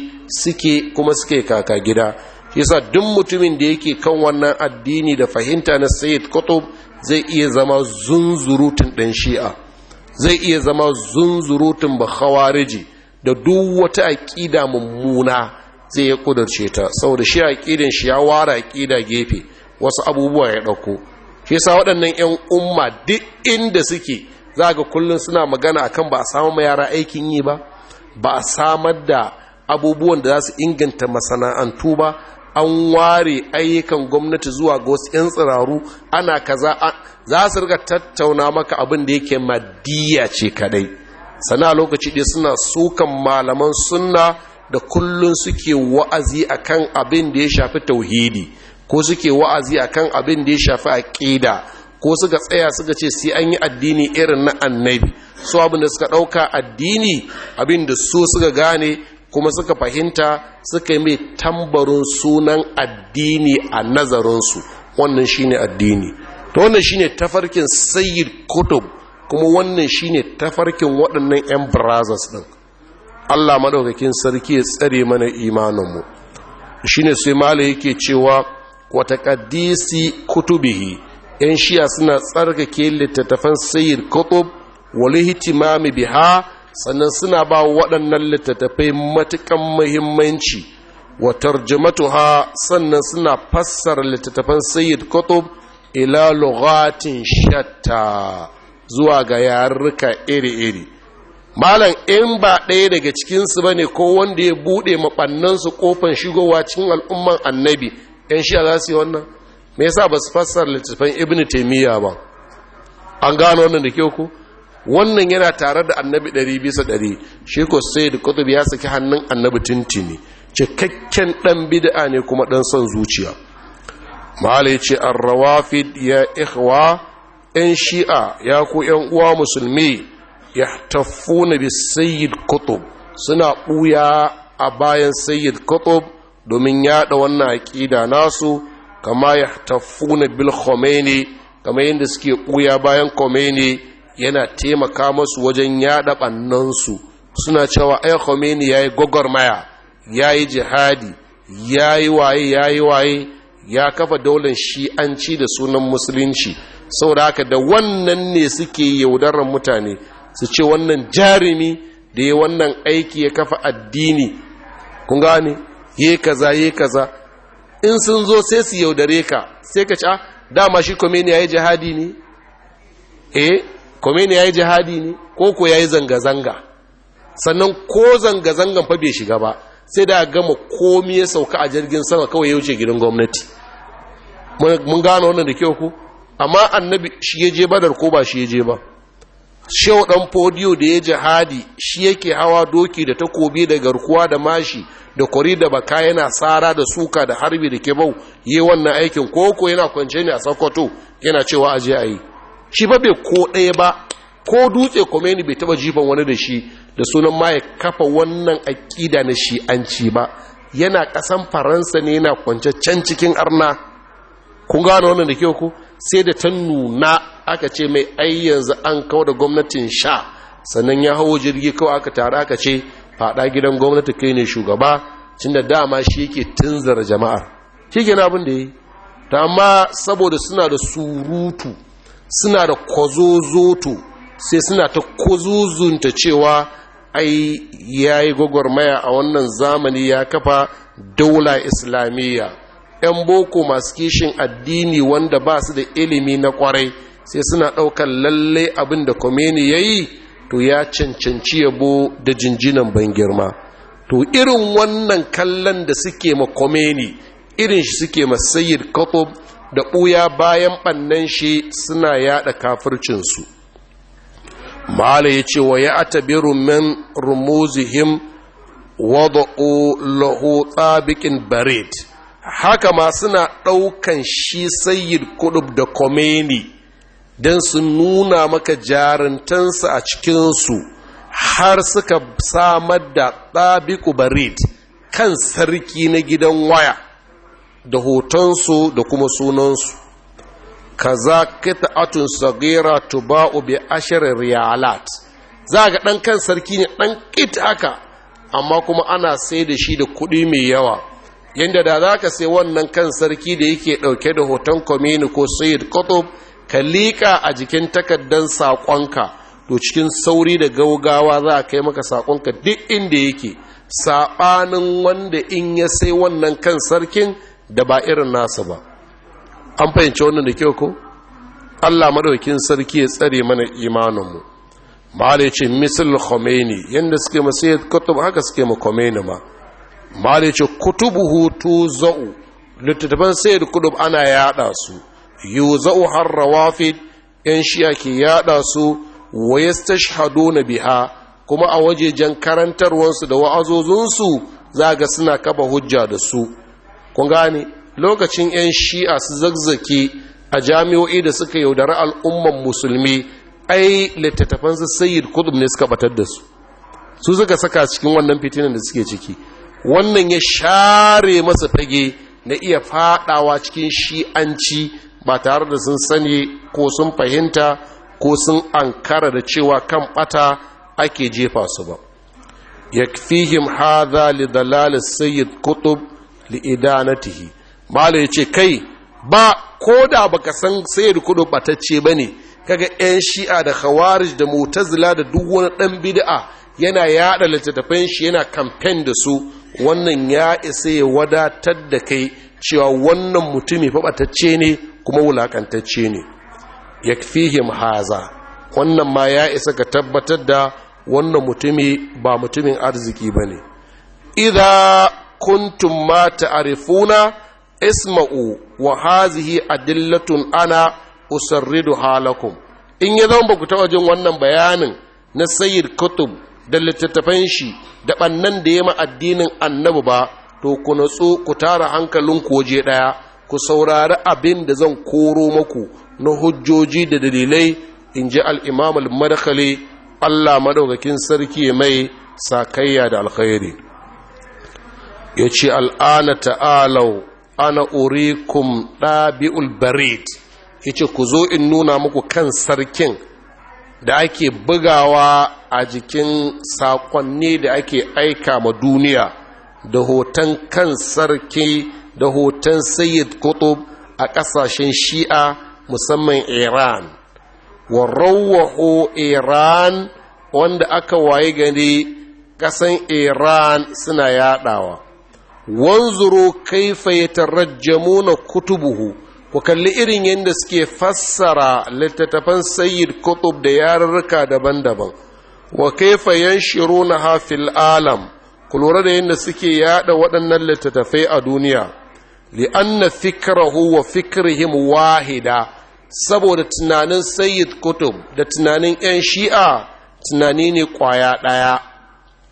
suke kuma suke kaka gida yasa duk mutumin da yake kan wannan addini da fahimta na sayyid kutub zai iya zama zunzurutun ɗan shi'a zai iya zama zunzurutun ba khawariji da duk wata aƙida mummuna zai ya kudurce ta saboda shi aƙidin shi ya ware aƙida gefe wasu abubuwa ya ɗauko shi sa waɗannan 'yan umma duk inda suke za ga kullum suna magana akan ba a samu ma yara aikin yi ba ba a samar da abubuwan da za su inganta masana'antu ba an ware ayyukan gwamnati zuwa ga wasu 'yan tsiraru ana kaza za su riga tattauna maka abin da yake maddiya ce kadai sana lokaci ɗaya suna sukan malaman sunna da kullun suke wa'azi akan abin da ya shafi tauhidi ko suke wa'azi akan abin da ya shafi aƙida ko suka tsaya suka ce sai an yi addini irin na annabi su abin da suka ɗauka addini abin da su suka gane kuma suka fahimta suka yi mai tambarin sunan addini a nazarinsu wannan shine addini to wannan shine tafarkin sayyid kutub kuma wannan shine tafarkin waɗannan 'yan brazos ɗin allah maɗaukakin sarki ya tsare mana imaninmu shine sai mala yake cewa wata ƙaddisi kutubihi 'yan shiya suna tsarkake littattafan sayyid kutub wali biha sannan suna ba waɗannan littattafai matuƙan muhimmanci wa ha sannan suna fassara littattafan sayyid kutub ila lugatin shatta zuwa ga yarurruka iri-iri malam in ba ɗaya daga cikinsu ba ne ko wanda ya buɗe maɓannansu ƙofar shigowa cikin al'umman annabi ‘yan shiya za su yi wannan me yasa ba su fassara littattafan ibn taimiyya ba an gano wannan da kyau ku wannan yana tare da annabi ɗari bisa ɗari shi ko sai da kutub ya saki hannun annabi tintini cikakken ɗan bid'a ne kuma ɗan son zuciya malai ce an rawafid ya ikhwa ‘yan shi'a ya ku ‘yan uwa musulmi ya tafu na bi sayyid kutub suna ɓuya a bayan sayyid kutub domin yaɗa wannan aƙida nasu kama ya na bil khomeini kama yadda suke ɓuya bayan khomeini yana taimaka masu wajen yada ɓannansu suna cewa ai khomeini yayi yi maya ya jihadi ya waye ya waye ya kafa daular shi'anci da sunan musulunci saboda haka da wannan ne suke yaudarar mutane su ce wannan jarimi da ya wannan aiki ya kafa addini kun gane ye kaza ye kaza in sun zo sai su yaudare ka sai ka ci ah, dama shi komeni ya yi jihadi ne eh ne ya yi jihadi ne ko ko ya yi zanga-zanga sannan ko zanga-zangan fa bai shiga ba sai da gama komi ya sauka a jirgin sama kawai ya wuce gidan gwamnati mun gano wannan da kyau ku amma annabi shi ya je badar ko ba shi ya je ba shehu dan fodiyo da ya jihadi shi yake hawa doki da takobi da garkuwa da mashi da kwari da baka yana tsara da suka da harbi da kebau yi wannan aikin koko yana kwance ne a sakwato yana cewa aje a yi shi ba bai ko ɗaya ba ko dutse komeni bai taba jifan wani da shi da sunan ma ya kafa wannan aƙida na shi'anci ba yana ƙasan faransa ne yana kwance can cikin arna kun gano wannan da kyau ku sai da ta nuna aka ce mai ai yanzu an kawo da gwamnatin sha sannan ya hau jirgi kawai aka tare aka ce faɗa gidan gwamnati kai ne shugaba cin da dama shi yake tunzara jama'ar shi ke abin da yi ta amma saboda suna da surutu suna da kwazozoto sai suna ta kwazozunta cewa ai ya yi gwagwarmaya a wannan zamani ya kafa daula islamiyya 'yan boko masu kishin addini wanda ba su da ilimi na kwarai sai suna ɗaukar lallai abin da komeni ya yi to ya cancanci yabo da jinjinan ban girma to irin wannan kallon da suke ma komeni irin shi suke ma sayyid katob da ɓuya bayan ɓannan shi suna yaɗa kafircinsu ma'ala ya ce wa ya atabiru min rumuzihim wada'u lahu tsabikin barid haka ma suna ɗaukan shi sayyid kudub da komeni don su nuna maka jarintansu a cikinsu har suka samar da tsabiku Bared kan sarki na gidan waya da hotonsu da kuma sunansu kaza atun tu tuba'u bi ashirin riyalat za ga ɗan kan sarki ne ɗan kit aka amma kuma ana sai da shi da kuɗi mai yawa yadda da za ka sai wannan kan sarki da yake ɗauke da hoton kwamini ko sayid kutub ka liƙa a jikin takardar saƙonka to cikin sauri da gaugawa za a kai maka saƙonka duk inda yake saɓanin wanda in ya sai wannan kan sarkin da ba irin nasa ba an fahimci wannan da kyau ko Allah maɗaukin sarki ya tsare mana imaninmu mala ya ce misal khomeini yadda suke ma sayyid kutub haka suke ma khomeini ma mala ya ce kutubuhu hutu za'u littattafan sayyid kutub ana yada su yuza'u za'u har rawafid yan shiya ke yada su wa yastashhaduna biha kuma a wajejen karantarwarsu da wa'azozunsu za ga suna kaba hujja da su kun gane lokacin 'yan shi'a su zagzake a jami'o'i da suka yaudari al'umman musulmi ai su sayyid kudum ne suka batar da su su suka saka cikin wannan fitinan da suke ciki wannan ya share masa fage na iya fadawa cikin shi'anci ba tare da sun sani ko sun fahimta ko sun ankara da cewa kan bata ake jefa su ba yakfihim hadha lidalal sayyid kutub li'idanatihi malai ce kai ba ko da baka san sayar kudu batacce ba ne kaga 'yan shi'a da khawarij da mutazila da duk wani ɗan bid'a yana yaɗa littattafan shi yana kamfen da su wannan ya isa ya wadatar da kai cewa wannan mutumi faɓatacce ne kuma wulakantacce ne ya fihim haza wannan ma ya isa ka tabbatar da wannan mutumi ba mutumin arziki ba ne kuntum ma ta'rifuna isma'u wa hazihi adillatun ana usarridu halakum in ya zama ku taɓa jin wannan bayanin na sayyid kutub da littattafan shi da ɓannan da ya ma addinin annabi ba to ku natsu ku tara hankalin ku waje ɗaya ku saurari abin da zan koro maku na hujjoji da dalilai in ji al-imam al allah madaukakin sarki mai sakayya da alkhairi ya ce al’ala ta'alau ana urikum ɗabi ulbarid ya ce ku zo in nuna muku kan sarkin da ake bugawa a jikin sakonni da ake aika ma duniya da hoton kan sarki da hoton sayyid kutub a ƙasashen shi'a musamman iran wa rawaho iran wanda aka waye gani ƙasan iran suna yadawa wanzuro kaifa na kutubuhu ku kalli irin yadda suke fassara littattafan sayyid kutub da yarurruka daban-daban wa kaifa yanshiruna na hafil alam ku lura da yadda suke yada waɗannan littattafai a duniya li'anna fikrahu wa fikrihim wahida saboda tunanin sayyid kutub da tunanin 'yan shi'a tunani ne ƙwaya ɗaya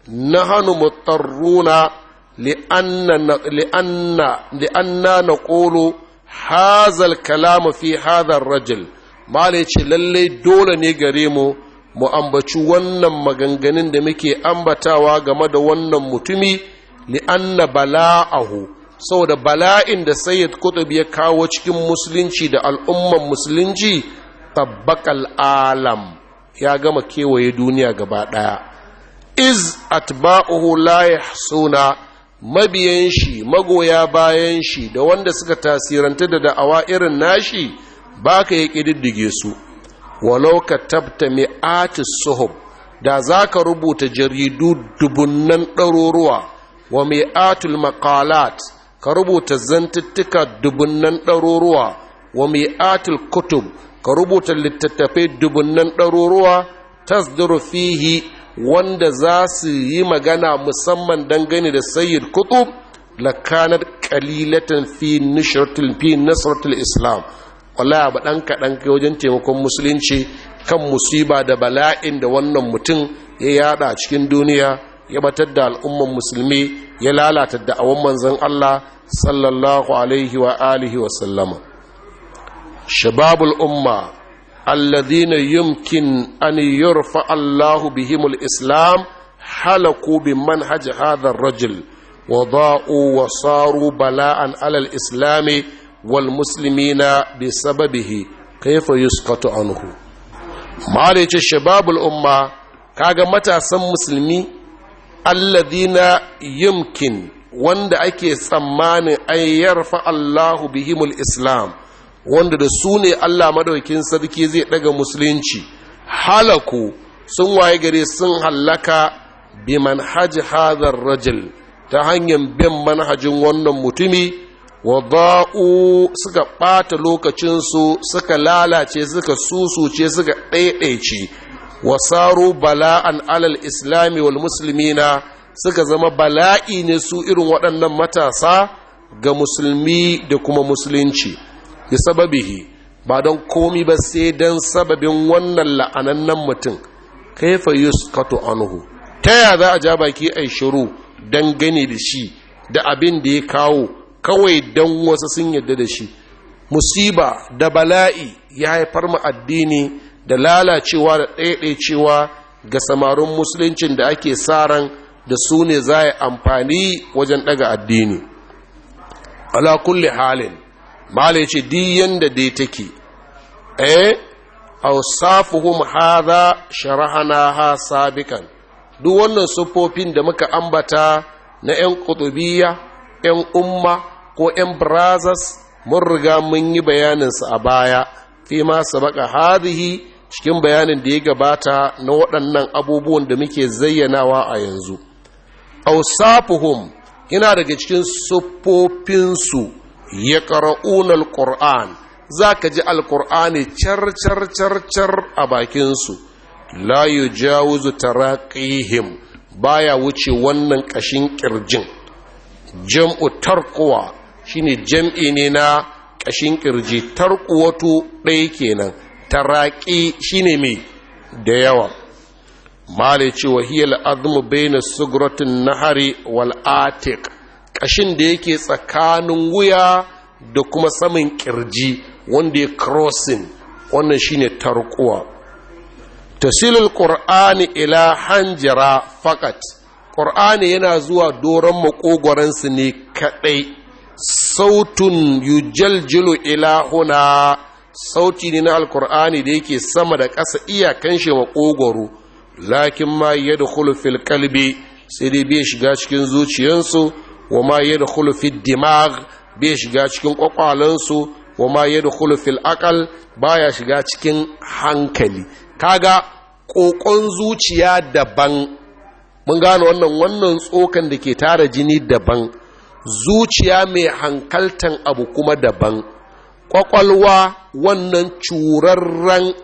na hannu mutarruna li'anna na ƙolo hazal kalama fi hazar rajil mala ce lallai dole ne gare mu mu ambaci wannan maganganun da muke ambatawa game da wannan mutumi li'anna bala'ahu saboda bala'in da sayyid kutub ya kawo cikin musulunci da al'umman musulunci tabbakal alam ya gama kewaye duniya gaba ɗaya iz atba'uhu la yahsuna mabiyan shi magoya bayan shi da wanda suka tasiranta da da'awa irin nashi baka ka yi ƙididdige su walau ka tabta atis suhub da za ka rubuta jaridu dubunnan ɗaruruwa wa mi'atul maqalat ka rubuta zantuttuka dubunnan ɗaruruwa wa mi'atul kutub ka rubuta littattafai dubunnan ɗaruruwa tasdiru fihi wanda za su yi magana musamman dangane da sayyid kutub lakanar kalilatan fi nishratul islam Wala ba ɗan kaɗan kai wajen taimakon musulunci kan musiba da bala'in da wannan mutum ya yada cikin duniya ya batar da al'umman musulmi ya lalata da awon manzon Allah sallallahu alaihi wa alihi wa sallama shababul umma alladhina yumkin an yurfa Allahu bihimul islam halaku bi manhaj hadha ar-rajul wa da'u wa saru bala'an ala al-islam wal muslimina bi sababihi kayfa yusqatu anhu mare shababul umma kaga matasan musulmi alladhina yumkin wanda ake tsammanin an yarfa Allahu bihimul islam wanda da su ne Allah madaukin sarki zai daga musulunci halaku sun waye gare sun hallaka bi manhaji hadar rajul ta hanyar bin manhajin wannan mutumi wa da'u suka ɓata lokacinsu suka lalace suka susuce suka ɗaiɗaici, wasaru bala'an alal islami wal musulmina suka zama bala'i ne su irin waɗannan matasa ga musulmi da kuma musulunci bi sababihi ba don komi ba sai don sababin wannan la'anannan mutum kaifa yuskatu ta ya za a ja baki ai shiru don gane da shi da abin da ya kawo kawai don wasu sun yadda da shi musiba da bala'i ya haifar mu addini da lalacewa da ɗaiɗaicewa ga samarin musuluncin da ake sa da su ne za a amfani wajen ɗaga addini ala kulli halin bala ce di da dai take eh awsafuhum hadha sharahana ha duk wannan sufofin da muka ambata na yan qutubiyya yan umma ko yan brazas mun riga mun yi bayanin su a baya fi ma sabaka hadhihi cikin bayanin da ya gabata na waɗannan abubuwan da muke zayyanawa a yanzu ausafuhum yana daga cikin siffofinsu ya ƙara'un zaka ji alƙur'ani car car car char a bakinsu la yu jawuzu taraqihim baya wuce wannan ƙashin ƙirjin jam'u tarquwa shine jam'i ne na ƙashin kirji tarquwatu ɗaya kenan taraqi shine mai da yawa male cewa hiyal azmu baina sugratin nahari wal atiq Kashin da yake tsakanin wuya da kuma saman kirji wanda ya crossing wannan shine tarkuwa tasilul qur'ani ila hanjira fakat qur'ani yana zuwa doron makogoransu ne kadai sautun yujaljilu ila huna sauti ne na alkur'ani da yake sama da ƙasa iyakan shi makogoro lakin ma yadda fil kalbi sai dai bai shiga cikin zuciyarsu wa ma da fi dimag bai shiga cikin kwakwalansu wa ma yadkhulu fil aqal baya shiga cikin hankali kaga kokon zuciya daban mun gano wannan wannan tsokan da ke tara jini daban zuciya mai hankaltan abu kuma daban kwakwalwa wannan curarren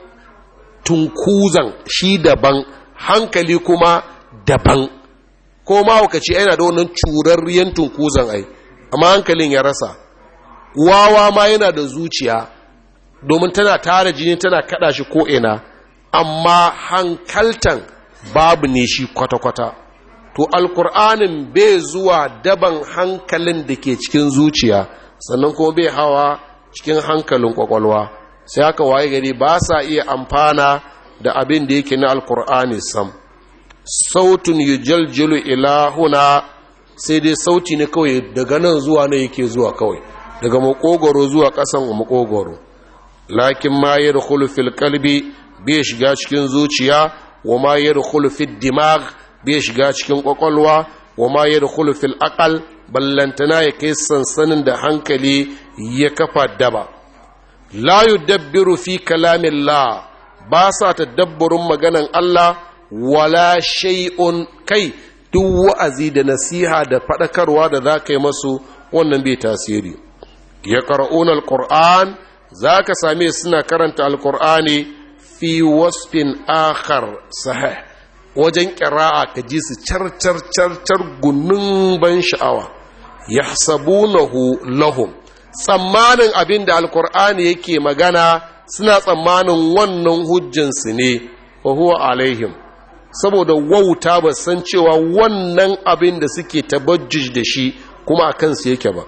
tunkuzan shi daban hankali kuma daban ko ma mahaukaci yana da wannan curarriyan tunkuzan ai amma hankalin ya rasa wawa ma yana da zuciya domin tana tara jini tana kada shi ko'ina amma hankaltan babu ne shi kwata-kwata to alkur'anin bai zuwa daban hankalin da ke cikin zuciya sannan kuma bai hawa cikin hankalin kwakwalwa sai haka waye gari ba sa iya amfana da abin da yake na alkur'ani sam sautun yujaljilu ila huna sai dai sauti ne kawai daga nan zuwa na yake zuwa kawai daga makogoro zuwa kasan makogoro lakin ma ya rukulu kalbi bai shiga cikin zuciya wa ma ya dimag bai shiga cikin kwakwalwa wa ma ya rukulu akal ballantana ya kai sansanin da hankali ya kafa daba la yudabbiru fi kalamin la ba sa tadabburin maganan Allah wala shay'un kai duk wa'azi da nasiha da faɗakarwa da za ka yi masu wannan bai tasiri ya ƙar'un alƙur'an za ka same suna karanta Al-ƙur'ani fi wasfin akhar sahih wajen ƙira'a ka ji su car-car-car gunun ban sha'awa ya sabunahu lahum tsammanin abin da alƙur'ani yake magana suna tsammanin wannan hujjinsu ne wa huwa alaihim saboda wauta ba san cewa wannan abin da suke tabajjish da shi kuma a kansu yake ba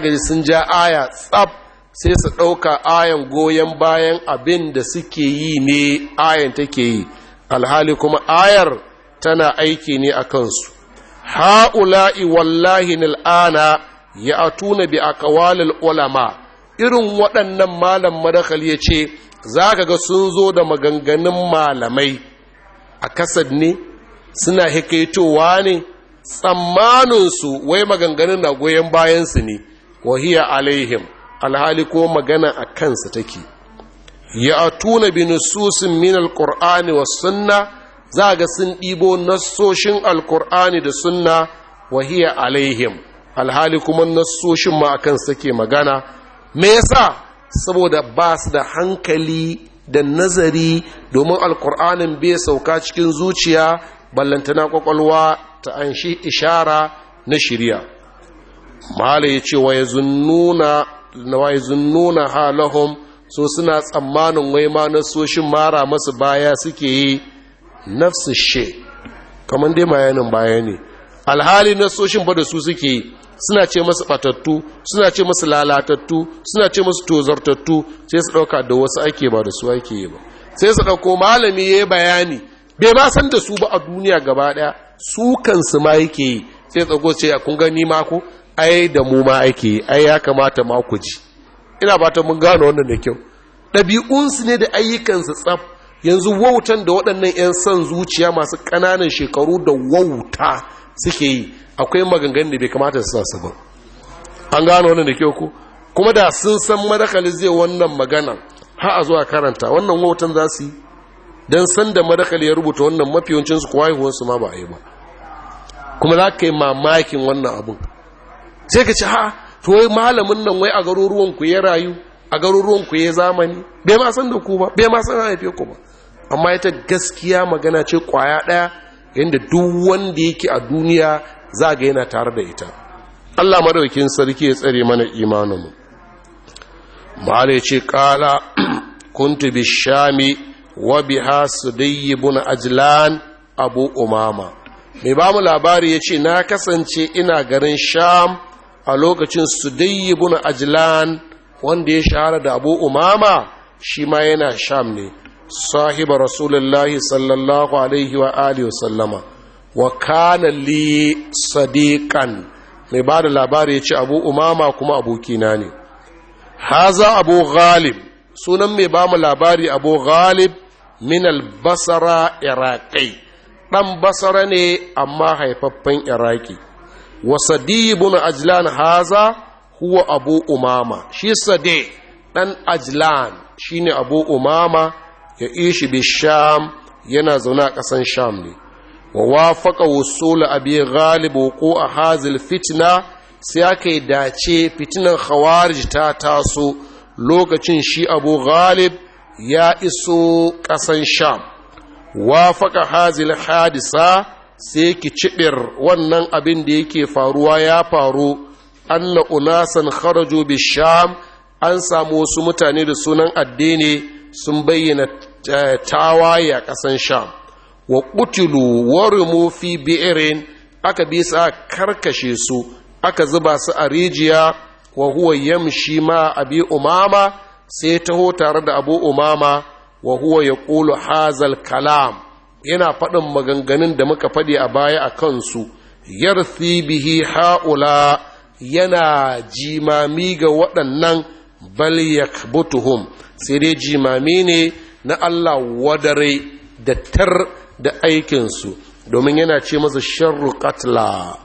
za sun ja aya tsab sai su ɗauka ayan goyon bayan abin da suke yi ne ayan take yi alhali kuma ayar tana aiki ne a kansu ha'ula'i wallahi nil'ana ya atuna bi akawalil ulama irin waɗannan malam madakal ya ce za ga sun zo da maganganun malamai a kasar ne suna hikaitowa ne tsammaninsu wai maganganun na goyon bayansu ne wahiya alaihim alhali ko magana a kansa take ya tuna bi nususin min alkur'ani wa sunna za ga sun ɗibo nassoshin alkur'ani da sunna wahiya alaihim alhali kuma nasoshin ma a kansa take magana me yasa saboda ba su da hankali da nazari domin alkur'anin bai sauka cikin zuciya ballantana kwakwalwa ta an shi ishara na shirya mahala ya ce wa ya zunnuna halahum so suna tsammanin wai ma soshin mara masu baya suke yi nafsu kamar dai mayanin baya ne alhali soshin ba da su suke yi suna ce masu batattu suna ce masu lalatattu suna ce masu tozartattu sai su dauka da wasu ake ba da su ake yi ba sai su dauko malami yayi bayani bai ma san da su ba a duniya gaba ɗaya. su kansu ma yake yi sai tsago ce kun gani ma ko ai da mu ma ake yi ai ya kamata ma ku ji ina ta mun gano wannan da kyau ɗabi'unsu ne da ayyukansu tsaf yanzu wautan da waɗannan 'yan son zuciya masu ƙananan shekaru da wauta suke yi akwai maganganun da bai kamata su sa ba an gano wani da ke ku kuma da sun san madakali zai wannan magana ha a zuwa karanta wannan wautan za su yi don san da madakali ya rubuta wannan mafiyancinsu kuwa haihuwarsu ma ba a yi ba kuma za ka yi mamakin wannan abin sai ka ci ha to wai malamin nan wai a garuruwanku ya rayu a garuruwanku ya zamani bai ma san da ku ba bai ma san haife ku ba amma ita gaskiya magana ce kwaya ɗaya yadda duk wanda yake a duniya za ga yana tare da ita Allah madaukin sarki ya tsare mana imaninmu mala ce kala kuntu bishami wa biha sudayy ajlan abu umama mai ba mu labari yace na kasance ina garin sham a lokacin sudayyibun ajlan wanda ya shahara da abu umama shi ma yana sham ne sahiba rasulullahi sallallahu alaihi wa alihi wa sallama wa kana li sadiqan mai ba da labari ya ce abu umama kuma abokina ne haza abu ghalib sunan mai ba mu labari abu ghalib min albasara Iraki, ɗan basara ne amma haifaffen iraki wa sadibun ajlan haza huwa abu umama shi sade ɗan ajlan shine abu umama ya ishi bisham yana zaune a ƙasan sham ne wa wafaka wusul abi ghalib ko a hazil fitina sai aka yi dace fitinan khawarij ta taso lokacin shi abu ghalib ya iso ƙasan sham wafaka hazil hadisa sai ki cibir wannan abin da yake faruwa ya faru anna unasan kharaju bi an samu wasu mutane da sunan addini sun bayyana tawaye a ƙasan sham wa qutilu warimu fi biirin aka bi sa karkashe su aka zuba su a rijiya wa huwa yamshi ma abi umama sai taho tare da abu umama wa huwa ƙulu hazal kalam yana faɗin maganganun da muka faɗi a baya a kansu Yar bihi haula yana jimami ga waɗannan bal butuhum sai dai jimami ne na Allah wadare da tar da aikinsu domin yana ce masa sharru katla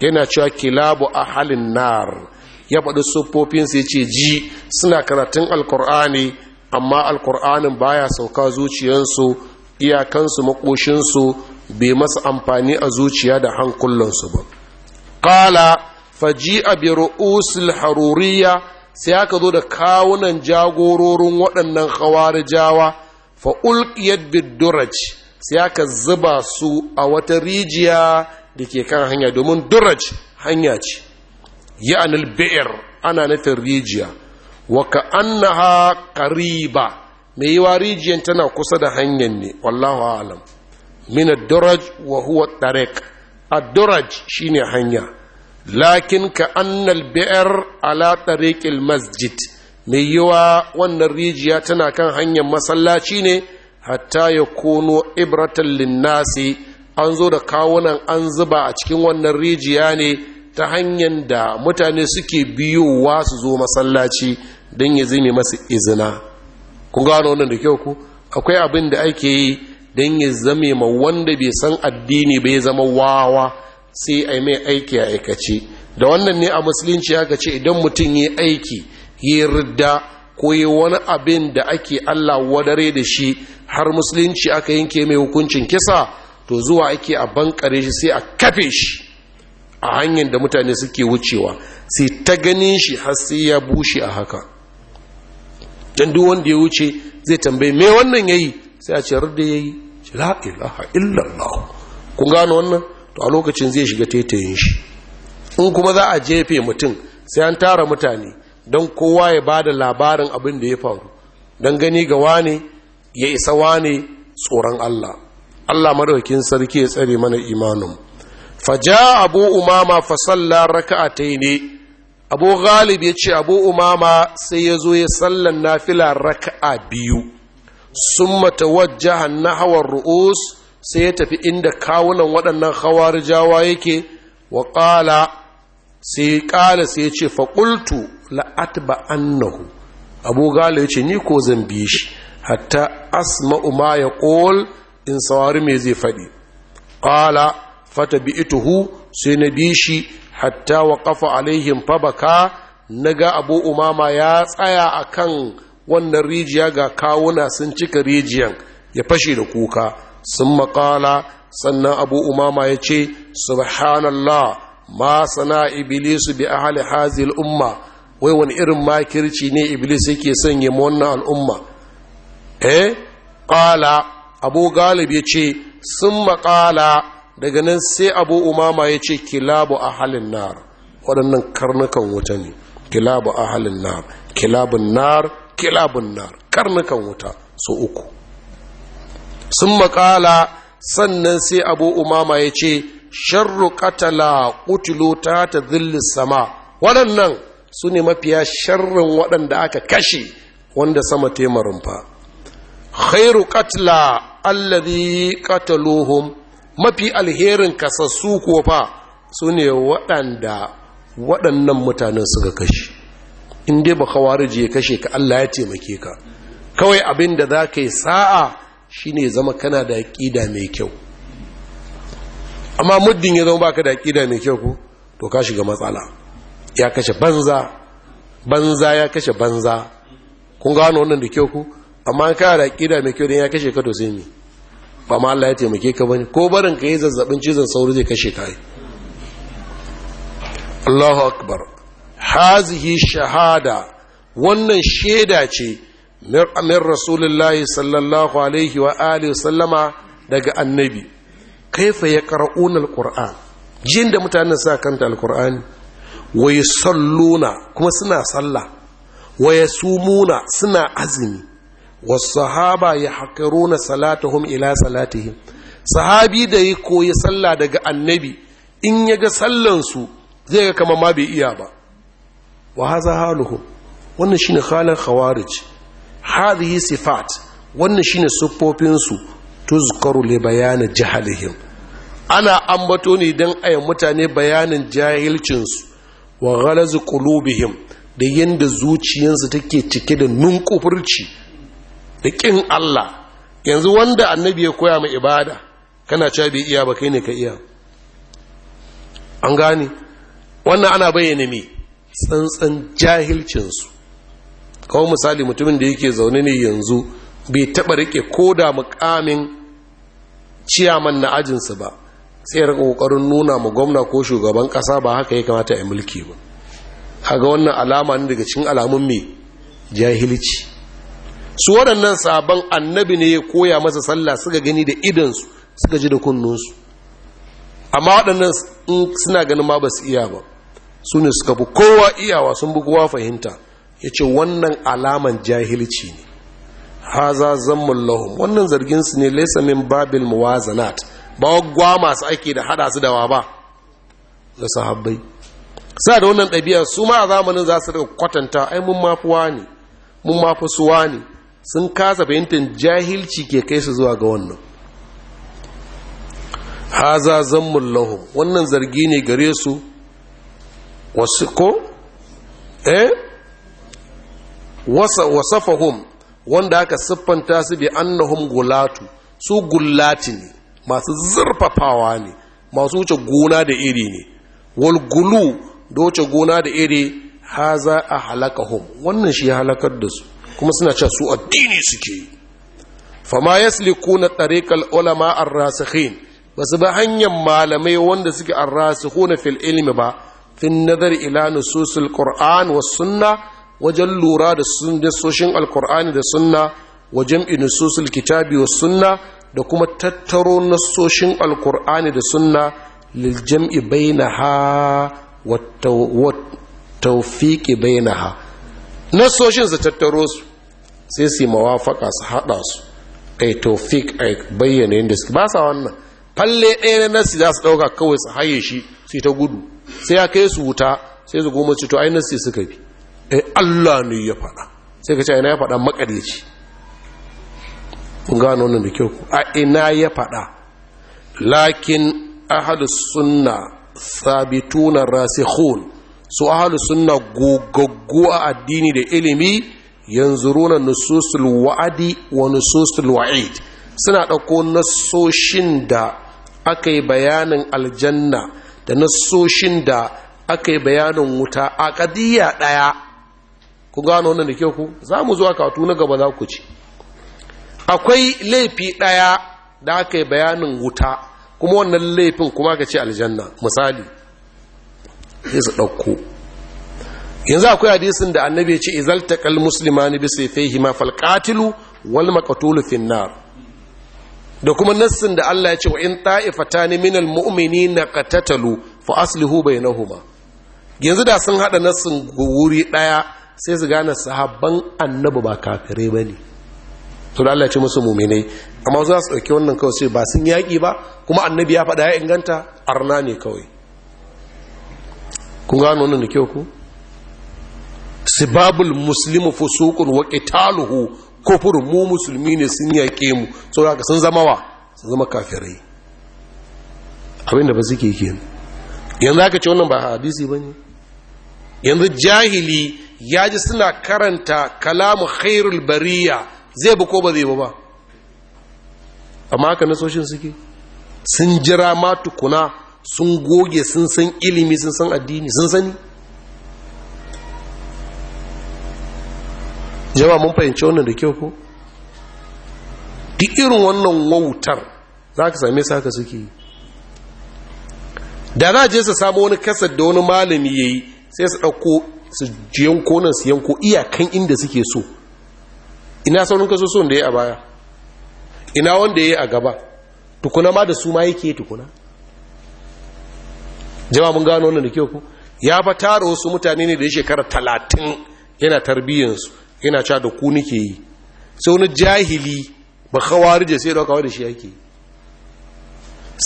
yana cewa kilabu a halin nar ya faɗi siffofinsu ya ce ji suna karatun alkur'ani amma alkur'anin baya sauka zuciyarsu iyakansu makoshinsu bai masa amfani a zuciya da hankulansu ba ƙala faji a biru'usul haruriya sai aka zo da kawunan jagororin waɗannan hawarijawa fa'ulƙiyar bidduraj sai aka zuba su a wata rijiya da ke kan hanya domin duraj hanya ce ya anil be'ir ana nufin rijiya wa ka annaha ba. mai yiwa rijiyan tana kusa da hanyar ne wallahu alam mina duraj wa huwa tarek a duraj shine hanya lakin ka annal bi'ir ala tariqil masjid mai yiwa wannan rijiya tana kan hanyar masallaci ne hatta ya kono ibratan linnasi an zo da kawunan an zuba a cikin wannan rijiya ne ta hanyar da mutane suke biyowa su zo masallaci don ya zime masu izina kun gano wannan da kyau ku akwai abin da ake yi don ya zame ma wanda bai san addini bai zama wawa sai a mai aiki a aikace da wannan ne a musulunci aka ce idan mutum yi aiki yi ridda koyi wani abin da ake Allah wadare da shi har musulunci aka yanke mai hukuncin kisa to zuwa ake a bankare shi sai a kafe shi a hanyar da mutane suke wucewa sai ta ganin shi har sai ya bushe a haka dan duk wanda ya wuce zai tambaye me wannan yayi sai a ce rudda yayi la ilaha illallah kun gano wannan to a lokacin zai shiga tetayin shi in kuma za a jefe mutum sai an tara mutane don kowa ya ba da labarin abin da ya faru don gani ga wane ya isa wane tsoron Allah Allah madaukin sarki ya tsare mana imanin faja abu umama fasalla raka'atai ne abu galib ya ce abu umama sai ya zo ya sallan nafila raka'a biyu sun mata wajja nahawar ru'us sai ya tafi inda kawunan waɗannan jawa yake wa ƙala sai kala sai ce faƙultu la'atba annahu abu gala ya ce ni ko zan biye shi hatta asma'u ma ya ƙol in sawari mai zai faɗi ƙala fata bi ituhu sai na bi shi hatta wa ƙafa alaihim fabaka na ga abu umama ya tsaya a kan wannan rijiya ga kawuna sun cika rijiyan ya fashe da kuka sun maƙala sannan abu umama ya ce subhanallah ma sana iblisu bi ahli umma wai wani irin makirci ne iblis yake son ya wannan al'umma eh qala abu galib yace sun maƙala daga nan sai abu umama yace kilabu halin nar waɗannan karnukan wuta ne kilabu halin nar kilabun nar kilabun nar karnukan wuta su uku sun maƙala sannan sai abu umama yace sharru katala qutilu ta ta zillis sama waɗannan su ne mafiya sharrin waɗanda aka kashe wanda sama ta rumfa khairu katla allazi kataluhum mafi alherin kasassu ko fa su ne waɗanda waɗannan mutanen suka kashe in dai ba kawariji ya kashe ka Allah ya taimake ka kawai abin da za ka yi sa'a shine zama kana da ƙida mai kyau amma muddin ya zama baka da aqida mai kyau ko to ka shiga matsala ya kashe banza banza ya kashe banza kun gano wannan da kyau ku amma ka da aqida mai kyau dan ya kashe ka to sai me ba ma Allah ya taimake ka bane ko barin ka yi zazzabin cizon sauri zai kashe ka Allahu akbar hazihi shahada wannan shaida ce min rasulullahi sallallahu alaihi wa alihi sallama daga annabi kaifa ya ƙar'un alƙur'an jin da mutanen sa kanta alƙur'ani wa ya salluna kuma suna sallah wa ya sumuna suna azumi wa sahaba ya haƙaruna salatahum ila salatihim sahabi da ya koyi sallah daga annabi in ya ga sallansu zai ga kama ma bai iya ba wa haza haluhu wannan shine halin khawarij hadhihi sifat wannan shine siffofinsu tuzkaru li bayanin jahalihim ana ambato ne don aya mutane bayanin jahilcinsu wa ghalazu qulubihim da yadda zuciyarsu take cike da nunkufurci da Allah yanzu wanda annabi ya koya mai ibada kana cewa bai iya ba kai ne ka iya an gane wannan ana bayyana me tsantsan jahilcinsu kawo misali mutumin da yake zaune ne yanzu bai taɓa rike ko da mukamin ciyaman na ajinsu ba sai rika kokarin nuna ma gwamna ko shugaban kasa ba haka ya kamata ya mulki ba haga wannan alama ne daga cikin alamun mai jahilci su waɗannan sabon annabi ne ya koya masa sallah suka gani da idansu suka ji da kunnunsu amma waɗannan suna ganin ma ba su iya ba su ne suka fi kowa iyawa sun bi kowa fahimta ya ce wannan alaman jahilci ne haza zammun lahum wannan zargin su ne laysa min babil muwazanat ba gwa masu ake da hada su da wa ba da sahabbai sa da wannan ɗabi'a su ma a zamanin za su kwatanta ai mun mafuwa ne mun mafi suwa ne sun kasa fahimtar jahilci ke kai su zuwa ga wannan haza zammun lahum wannan zargi ne gare su wasu ko eh wasafahum wanda aka siffanta su bi annahum gulatu su gullati ne masu zurfafawa ne masu wuce gona da iri ne Walgulu da wuce gona da iri haza a halakahum wannan shi halakar da su kuma suna cewa su addini suke yi fama yaslikuna tariqal ulama ar-rasikhin basu ba hanyar malamai wanda suke ar-rasikhuna fil ilmi ba fin nazar ila nususul qur'an was sunnah wajen lura da sunnasoshin alkur'ani da sunna wa jam'i kitabi wa sunna da kuma tattaro nasoshin alkur'ani da sunna lil na ha wa tawfiqi bainaha nasoshin su tattaro su sai su mawafaka su haɗa su ai taufiƙ ai bayyana yadda su ba sa wannan falle ɗaya na nasi za su ɗauka kawai su haye shi su ta gudu sai ya kai su wuta sai su goma ci to ai nasi suka bi E Allah ne ya faɗa sai ka ce ina ya faɗa makareci gano wannan da kyau a ina ya faɗa lakin ahlus sunna sabituna rasikhun su ahlus sunna gogaggu a addini da ilimi yanzuruna nususul wa'adi wa nususul wa'id suna ɗauko nasoshin da aka yi bayanin aljanna da nasoshin da aka yi bayanin wuta a ƙadiyya ɗaya ku gano wannan da kyau ku za mu zuwa katu na gaba za ku ci akwai laifi ɗaya da aka yi bayanin wuta kuma wannan laifin kuma ka ce aljanna misali sai su ɗauko yanzu akwai hadisin da annabi ce izalta kal muslimani bi sayfihi hima fal qatilu wal makatulu finna da kuma nassin da Allah ya ce wa in ta'ifatani minal na katatalu fa aslihu ba yanzu da sun haɗa nassin wuri ɗaya. sai su gane sahabban annabi ba kafirai ba ne to da Allah ce musu muminai amma za su ɗauki wannan kawai sai ba sun yaƙi ba kuma annabi ya faɗa ya inganta arna ne kawai kun gano wannan da kyau ku sibabul muslimu fusuqun wa qitaluhu kufur mu musulmi ne sun yaƙe mu haka sun zama wa sun zama kafirai abinda ba suke yake yanzu aka ce wannan ba hadisi bane yanzu jahili ya ji suna karanta kalamu khairul bariya zai bi ko ba zai ba amma haka nasoshin suke sun jira ma tukuna sun goge sun san ilimi sun san addini sun sani jama mun fahimci wannan da kyau ko duk irin wannan wautar za ka same su haka suke da za je su samu wani kasar da wani malami ya yi sai su ɗauko su yanko nan su yanko iyakan inda suke so ina saurin kaso son da ya a baya ina wanda ya a gaba tukuna ma da su ma yake tukuna jama mun gano wannan da kyau ku ya fa tara wasu mutane ne da ya shekara talatin yana tarbiyyansu yana ca da ku nike yi sai wani jahili ba kawar da sai da kawai da shi yake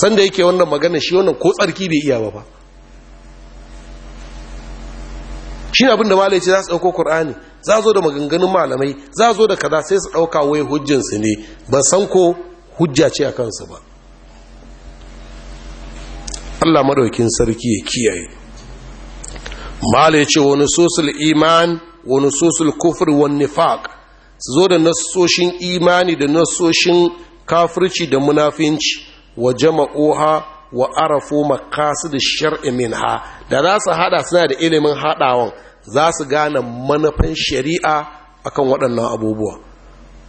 sanda yake wannan magana shi wannan ko tsarki bai iya ba ba shi abin da malai ce za su ɗauko Kur'ani, za zo da maganganun malamai za zo da kaza sai su ɗauka wai hujjinsu ne ba san ko hujja ce a kansu ba allah maɗaukin sarki ya kiyaye malai ce wani sosul iman wani sosul kufur wani nifaq su zo da nasoshin imani da nasoshin kafirci da munafinci wa jama'oha wa arafu maqasid ash-shar'i minha da za su hada suna da ilimin hadawan za su gane manufan shari'a akan waɗannan abubuwa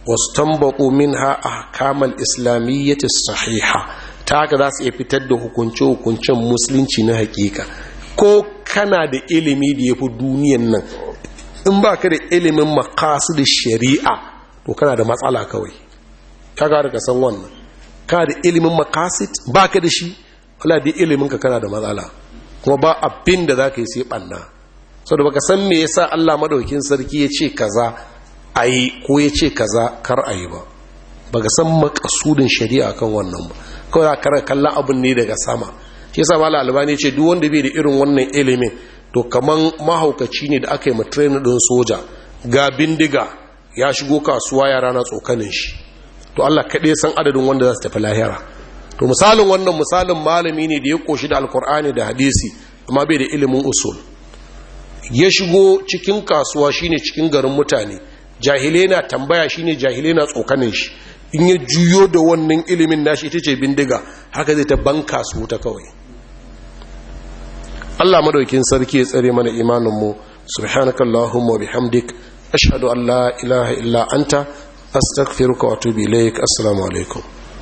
wasu tambaƙo minha a al islamiyya ta sahiha ta haka za su iya fitar da hukunce hukuncen musulunci na hakika ko kana da ilimi da ya fi duniyan nan in ba ka da ilimin makasu da sharia to kana da matsala kawai Ka kaga da san wannan ka da ilimin makasit ka da shi wala da iliminka ka kana da matsala kuma ba abin da za ka yi sai ɓanna saboda baka san me yasa Allah madaukin sarki ya ce kaza ayi ko ya ce kaza kar a yi ba baka san makasudin shari'a kan wannan ba kawai ka kalla abun ne daga sama shi yasa mala albani ce duk wanda bai da irin wannan ilimin to kamar mahaukaci ne da aka yi ma trainer din soja ga bindiga ya shigo kasuwa yara na tsokanin shi to Allah kaɗai san adadin wanda za su tafi lahira to misalin wannan misalin malami ne da ya koshi da alkur'ani da hadisi amma bai da ilimin usul ya shigo cikin kasuwa shine cikin garin mutane jahile na tambaya shine jahile na tsokanin shi in ya juyo da wannan ilimin nashi ita ce bindiga haka zai ta ban ta kawai Allah madaukin sarki ya tsare mana imaninmu subhanakallahumma bihamdik ashhadu an la ilaha illa anta astaghfiruka wa atubu ilaik assalamu alaikum